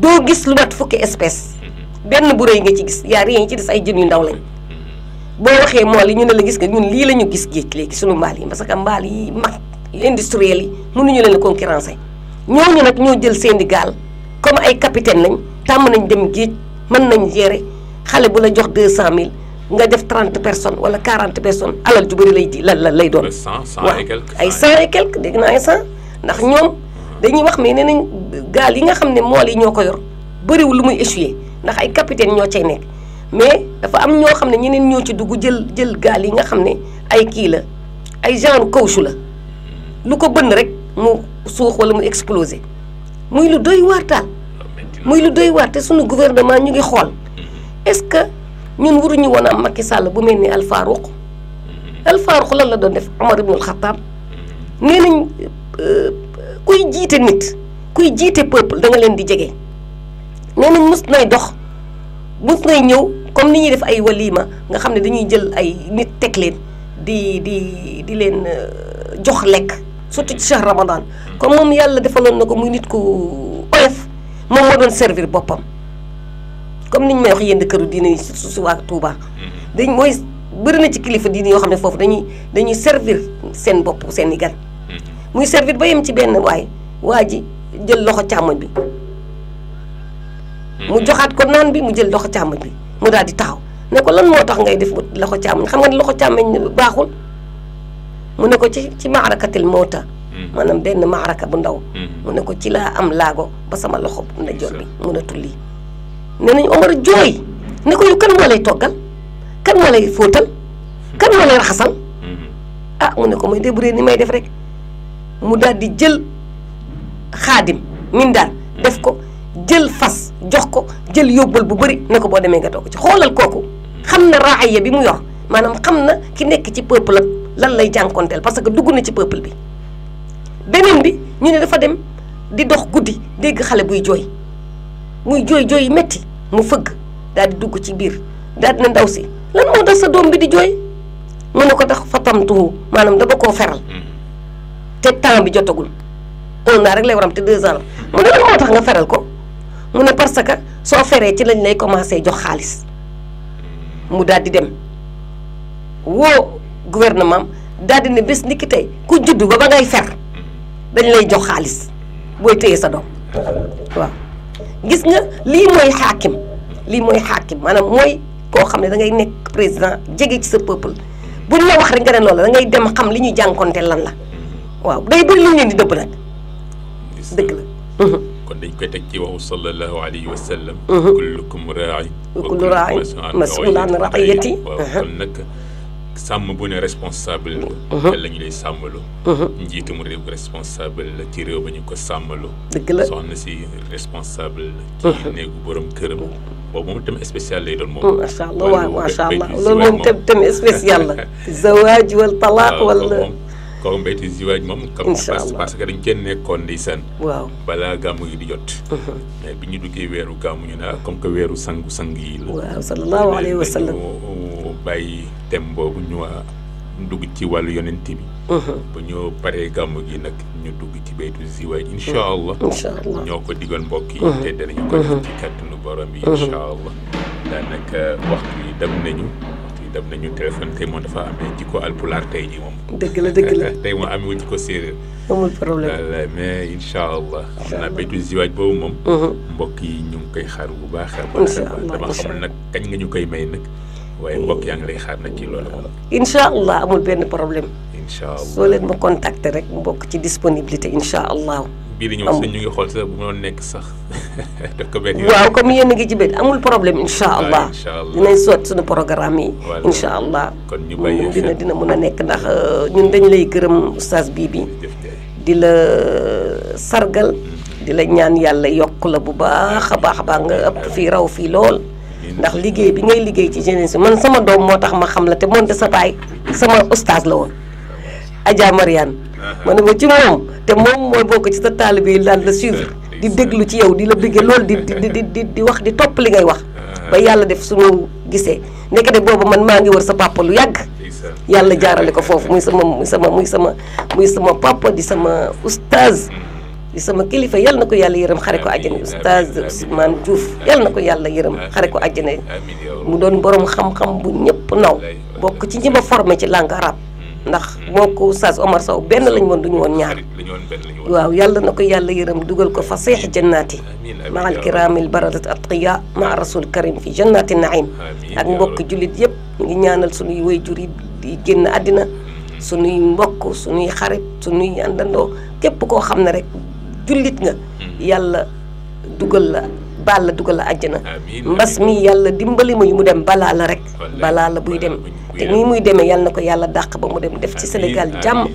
do gis lu mat fukki espèce hmm. benn bu reuy nga ci gis ya rien ci dess ay jeun yu ndaw lañ hmm. bo waxé mo li ñu ne la gis nga ñun li lañu gis geej legi sunu mbal yi parce que mbal yi mak industriels yi mënuñu leen concurrencer ñooñu nag ñoo jël seen di gaal comme ay capitaine nañ tàmm nañ dem géej mën nañ gérer xale bu la jox deux cent mille nga def trente personnes wala quarante personnes alal ju bëri lay di la la lay doon. waaw ay cent et quelque dégg naa ay cent ndax ñoom dañuy wax mais nee nañ gaal yi nga xam ne mool yi ñoo ko yor bëriwul lu muy échoué ndax ay capitaine ñoo cay nekk mais dafa am ñoo xam ne ñeneen ñoo ci dugg jël jël gaal yi nga xam ne ay kii la ay genre caoutchouc la. lu ko bënn rek mu suux wala mu exploser muy lu doy waar muy lu doy waar te suñu gouvernement ñu ngi xool est-ce que ñun waruñu woon am Macky Sall bu mel ni Al Farouq Al lan la doon def Omar ibn al Khattab nee euh, kuy jiite nit kuy jiite peuple danga leen di jege nee nañ mës nay dox mës nay ñëw comme ni ñuy def ay waliima nga xam ne dañuy jël ay nit teg leen di di di leen euh, jox lekk. surtout ci cheikh Ramadan. comme moom yàlla defaloon na ko muy nit ko oyof moom moo doon servir boppam comme niñ may wax yenn këru diine yi surtout si waa Touba. Mm-hmm. dañ mooy bëri na ci kilifa diine yoo xam ne foofu dañuy dañuy servir seen bopp seen i gan. Mm-hmm. muy servir ba yem ci benn waay waa ji jël loxo càmmoñ bi. mu mm-hmm. joxaat ko naan bi mu jël loxo càmmoñ bi mu daal di taxaw ne lan moo tax ngay def loxo càmmoñ xam nga ne loxo càmmoñ baaxul. mu ne ko ci ci maarakatil mawta mm-hmm. maanaam benn maaraka bu ndaw mm-hmm. mu ne ko ci laa am laago ba sama loxo ndeyjoor bi mënatul lii nee nañ Omar jooy ne ko yow kan moo lay toggal kan moo lay fóotal kan moo lay raxasal mm-hmm. ah mu ne ko mooy débrouiller ni may def rek mu daal di jël xaadim min daal def ko jël fas jox ko jël yóbbal bu bari ne ko boo demee nga toog ci xoolal kooku xam na raaya bi mu yor maanaam xam na ki nekk ci peuple lan lay jànkonteel parce que dugg na ci peuple bi beneen bi ñu ne dafa dem di dox guddi dégg xale buy jooy muy jooy jooy yi metti mu fëgg daal di dugg ci biir daal di na ndaw si lan moo tax sa doom bi di jooy mu ne ko tax fa tamtu maanaam dama koo feral mm-hmm. te temps bi jotagul un an rek lay waram te deux ans la mu ne lan moo tax nga feral ko mu ne parce que soo feree ci lañ lay commencé jox xaalis mm-hmm. mu daal di dem woo gouvernement daal di ne bés ni ki tey ku judd ba ba ngay fer dañ lay jox xaalis booy téye sa doom waaw gis nga lii mooy xaakim lii mooy xaakim maanaam mooy koo xam ne dangay nekk président jege ci sa peuple buñ la wax rek nga ne loola da dem xam li ñuy jànkonte lan la waaw day bëri lu ñu leen di dëbb nag dëkk la mhm. kon dañ koy teg ci waxu sallallahu alayhi wa sallam mhm. kullukum raa'i wa kullukum sàmm bu ne responsable la. Uh-huh. la ñu lay sàmmaloo. Uh-huh. njiitum réew responsable la ci réew ba ñu ko sàmmaloo. dëgg la soxna si responsable la. ci uh-huh. néegu borom këram. boobu moom itam spécial lay doon moom. Oh, macha allah waaw macha allah loolu moom itam spécial la. (laughs) zawaaj wal talaaq wala. kaw mbayti ziwaaj moom kam parce que dañ kenn nekkoon ndeysaan waaw balaa gàmmu gi di jot mhm. mais bi ñu duggee weeru gàmmu ñu ne ah, comme que weeru sangu-sang yi la waaw sallallahu alayhi wa sallam bàyyi thème boobu ñu ah, dugg ci wàllu yonent bi mhm. bu ñu paree gàmmu gi nag ñu dugg ci baytu ziwaaj mhm. incha allah ñoo ko digal mbokk yi te danañu ko def ci kàttanu borom yi incha allah daanaka waxtu yi dem nañu dem nañu téléphone tey moom dafa amee jikko alpulaar tey jii moom. dëgg la dëgg la (laughs) tey moom amee jikko séeréer. amul problème voilà mais incha allah. xam naa béytu ziwaaj boobu moom. Mhm. mbokk yi ñu koy xaar bu baax. incha allah dama xam nag kañ nga ñu koy may nag. waaye mbokk yaa ngi lay xaar nag ci loolu moom. incha allah amul benn problème. incha allah soo leen ma contacter rek bokk ci disponibilité incha allah. bii di ñëw ñu ngi xool sax bu ma nekk sax. (laughs) waaw comme yéen a ngi ci benn amul problème incha allah. dinañ sotti suñu programme yi. incha allah kon ñu dina dina mën a nekk ndax euh, ñun dañu lay gërëm oustaz bii bi di la euh, sargal. Mhm. di la ñaan yàlla yokk la bu baax a baax a baax nga ëpp fii raw fii lool. ndax liggéey bi ngay liggéey ci jeunesse man sama doom moo tax ma xam la te moonte sa baay sama oustaz la woon. Adja Mariane ma ne ma ci moom te moom mooy bokk ci sa taalibe yi daan la suivre di déglu ci yow di la bëggee loolu di di di di wax di topp li ngay wax ba yàlla def suñu gisee nekkate boobu man maa ngi wër sa papa lu yàgg yàlla jaarale ko foofu muy sama muy sama muy sama muy sama papa di sama oustaz di sama kilifa yal na ko yàlla yërëm xare ko àjjana oustaz Ousmane Diouf yal na ko yàlla yërëm xare ko àjjana mu doon borom xam bu ñëpp naw bokk ci ñi ma ci langue ndax moo ko Oustaz Omar Sow benn lañ woon duñu woon ñaan waaw yàlla na ko yàlla yërëm dugal ko fa seex jannaati maal kiraamil baradat atqiya ma rasul karim fi jannaati naim ak mbokk jullit yëpp ngi ñaanal suñuy wayjur yi génn àddina mm-hmm. suñuy mbokk suñuy xarit suñuy àndandoo képp koo xam ne rek jullit nga mm-hmm. yàlla dugal baal la dugal la àjjana mbas mi yàlla dimbali ma yu mu dem balaa la rek balaa la buy dem te nii muy demee yàlla na ko yàlla dàq ba mu dem def ci Sénégal jàmm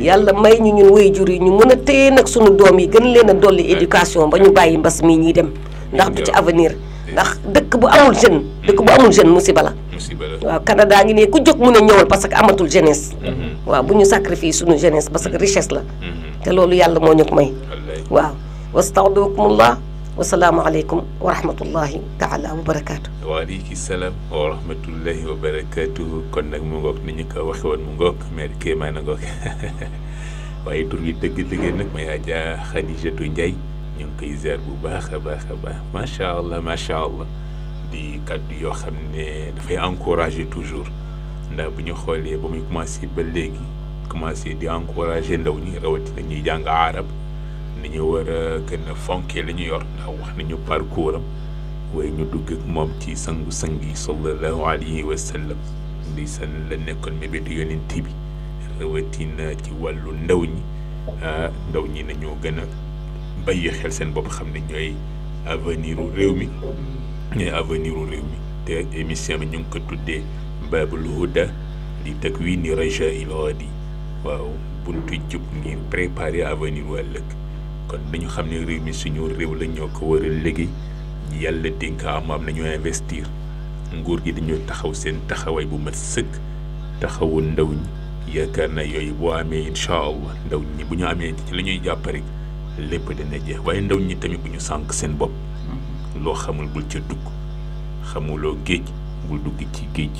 yàlla may ñu ñun way jur yi ñu mën a téye nag suñu doom yi gën leen a dolli éducation ba ñu bàyyi mbas mi ñuy dem ndax du ci avenir ndax dëkk bu amul jeune dëkk bu amul jeune musiba la waaw Canada ngi ne ku jóg mun a ñëwal parce que amatul jeunesse mhm. waaw bu ñu sacrifier sunu jeunesse parce que mhm. richesse la mhm. loolu yàlla moo ñu ko والسلام عليكم ورحمة الله تعالى وبركاته وعليك السلام ورحمة الله وبركاته كنا مغوك نيكا وخوان مغوك مالكي ما نغوك waaye tur bi dëgg dëgg nag may aja xadijatu njay ñu ngi koy ziar bu baax a baax a baax macha allah macha allah di kàddu yoo xam ne dafay encouragé toujours ndax bu ñu xoolee ba muy commencé ba léegi commencé di encouragé ndaw ñi rawatina ñuy jàng arab nañu war a gën a fonkee li yor ndax wax nañu parcours am ñu dugg ak moom ci sangu-sang yi sallallahu alayhi wa sallam ndi nekkoon mébétu yonent bi rawatina ci wàllu ndaw ñi ah, ndaw ñi nañu gën a bàyyi xel seen bopp xam ne ñooy avenir réew mi ñooy avenir u réew bi ñu ngi ko tuddee babul huda di takwini raja il ghadi waaw buntu jub ngir préparer avenir u kon nañu xam ne réew mi suñu réew la ñoo ko waral léegi yàlla dénk am am nañu investir nguur gi dañoo taxaw seen taxawaay bu mat sëkk taxawu ndaw ñi yaakaar na yooyu boo amee incha allah ndaw ñi bu ñu amee ci lañuy jàppare jàpp lépp dana jeex waaye ndaw ñi tamit bu ñu sànq seen bopp mm-hmm. loo xamul bul ca dugg xamuloo géej bu dugg ci géej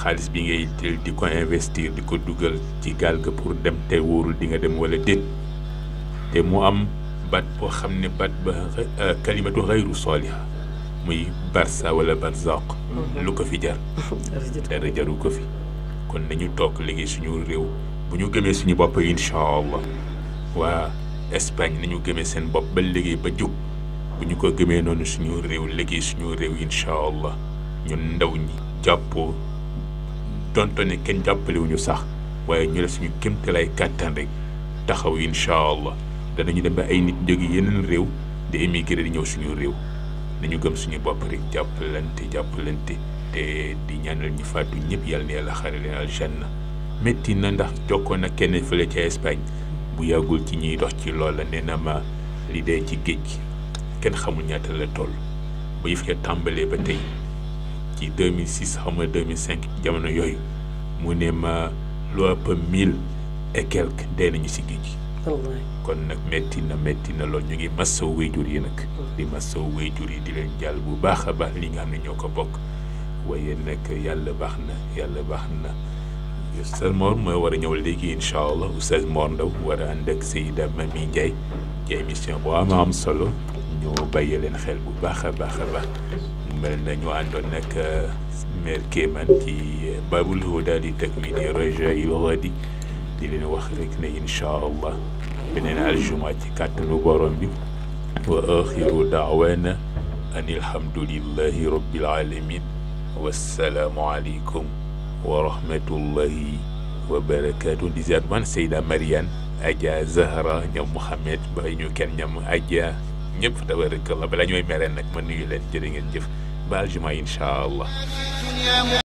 xaalis bi ngay jël di ko investir di ko dugal ci gaal ga pour dem te wóorul di nga dem wala déet. te mu am bat boo xam ne baat ba kalimatu xayru saaliha muy barsa wala barzaq lu ko fi jar dara jaru ko fi kon nañu toog liggéey suñu réew bu ñu gëmee suñu bopp incha allah waa Espagne nañu gëmee seen bopp ba liggéey ba jóg bu ñu ko gëmee noonu suñu réew liggéey suñu réew incha allah ñun ndaw ñi jàppoo donto ne kenn jàppalewuñu sax waaye ñu la suñu kémtalaay kàttan rek taxaw incha allah danañu dem ba ay nit jóge yeneen réew di émigré di ñëw suñu réew nañu gëm suñu bopp rek jàppalante jàppalante te di ñaanal ñi faatu ñëpp yàlla na yàlla xare leen aljanna métti na ndax jokkoon ak kenn fële ca Espagne bu yàggul ci ñuy dox ci loola nee na ma li dee ci géej gi kenn xamul ñaata la tool ba yëf ya tàmbalee ba tey ci 2006 xam nga 2005 jamono yooyu mu ne ma lu ëpp mille et quelque dee nañu si géej kon nag métti na metti na lool ñu ngi masawu wéyjur yi nag. Mm. di masawu wéyjur yi di leen jàll bu baax a baax li nga am ne ñoo ko bokk. waaye nag yàlla baax na yàlla baax na Oustaz Mor mooy war a ñëw léegi incha allah Oustaz Mor Ndao war a ànd ak Seyda Mami Ndiaye ci émission boo am am solo ñu bàyyi leen xel bu baax a baax a baax. mel na ñu àndoon nag euh, mère Kéeman ci euh, Babul Huda di teg mi di rajo yi di leen wax rek ne incha allah. بنين الجمعة كاتلو برمي وآخر دعوانا أن الحمد لله رب العالمين والسلام عليكم ورحمة الله وبركاته دي زياد من سيدة مريان أجا زهرة نعم محمد بأينو كان نعم أجا نعم فتبارك الله بلا نعم مريان نعم نعم نعم نعم نعم نعم نعم نعم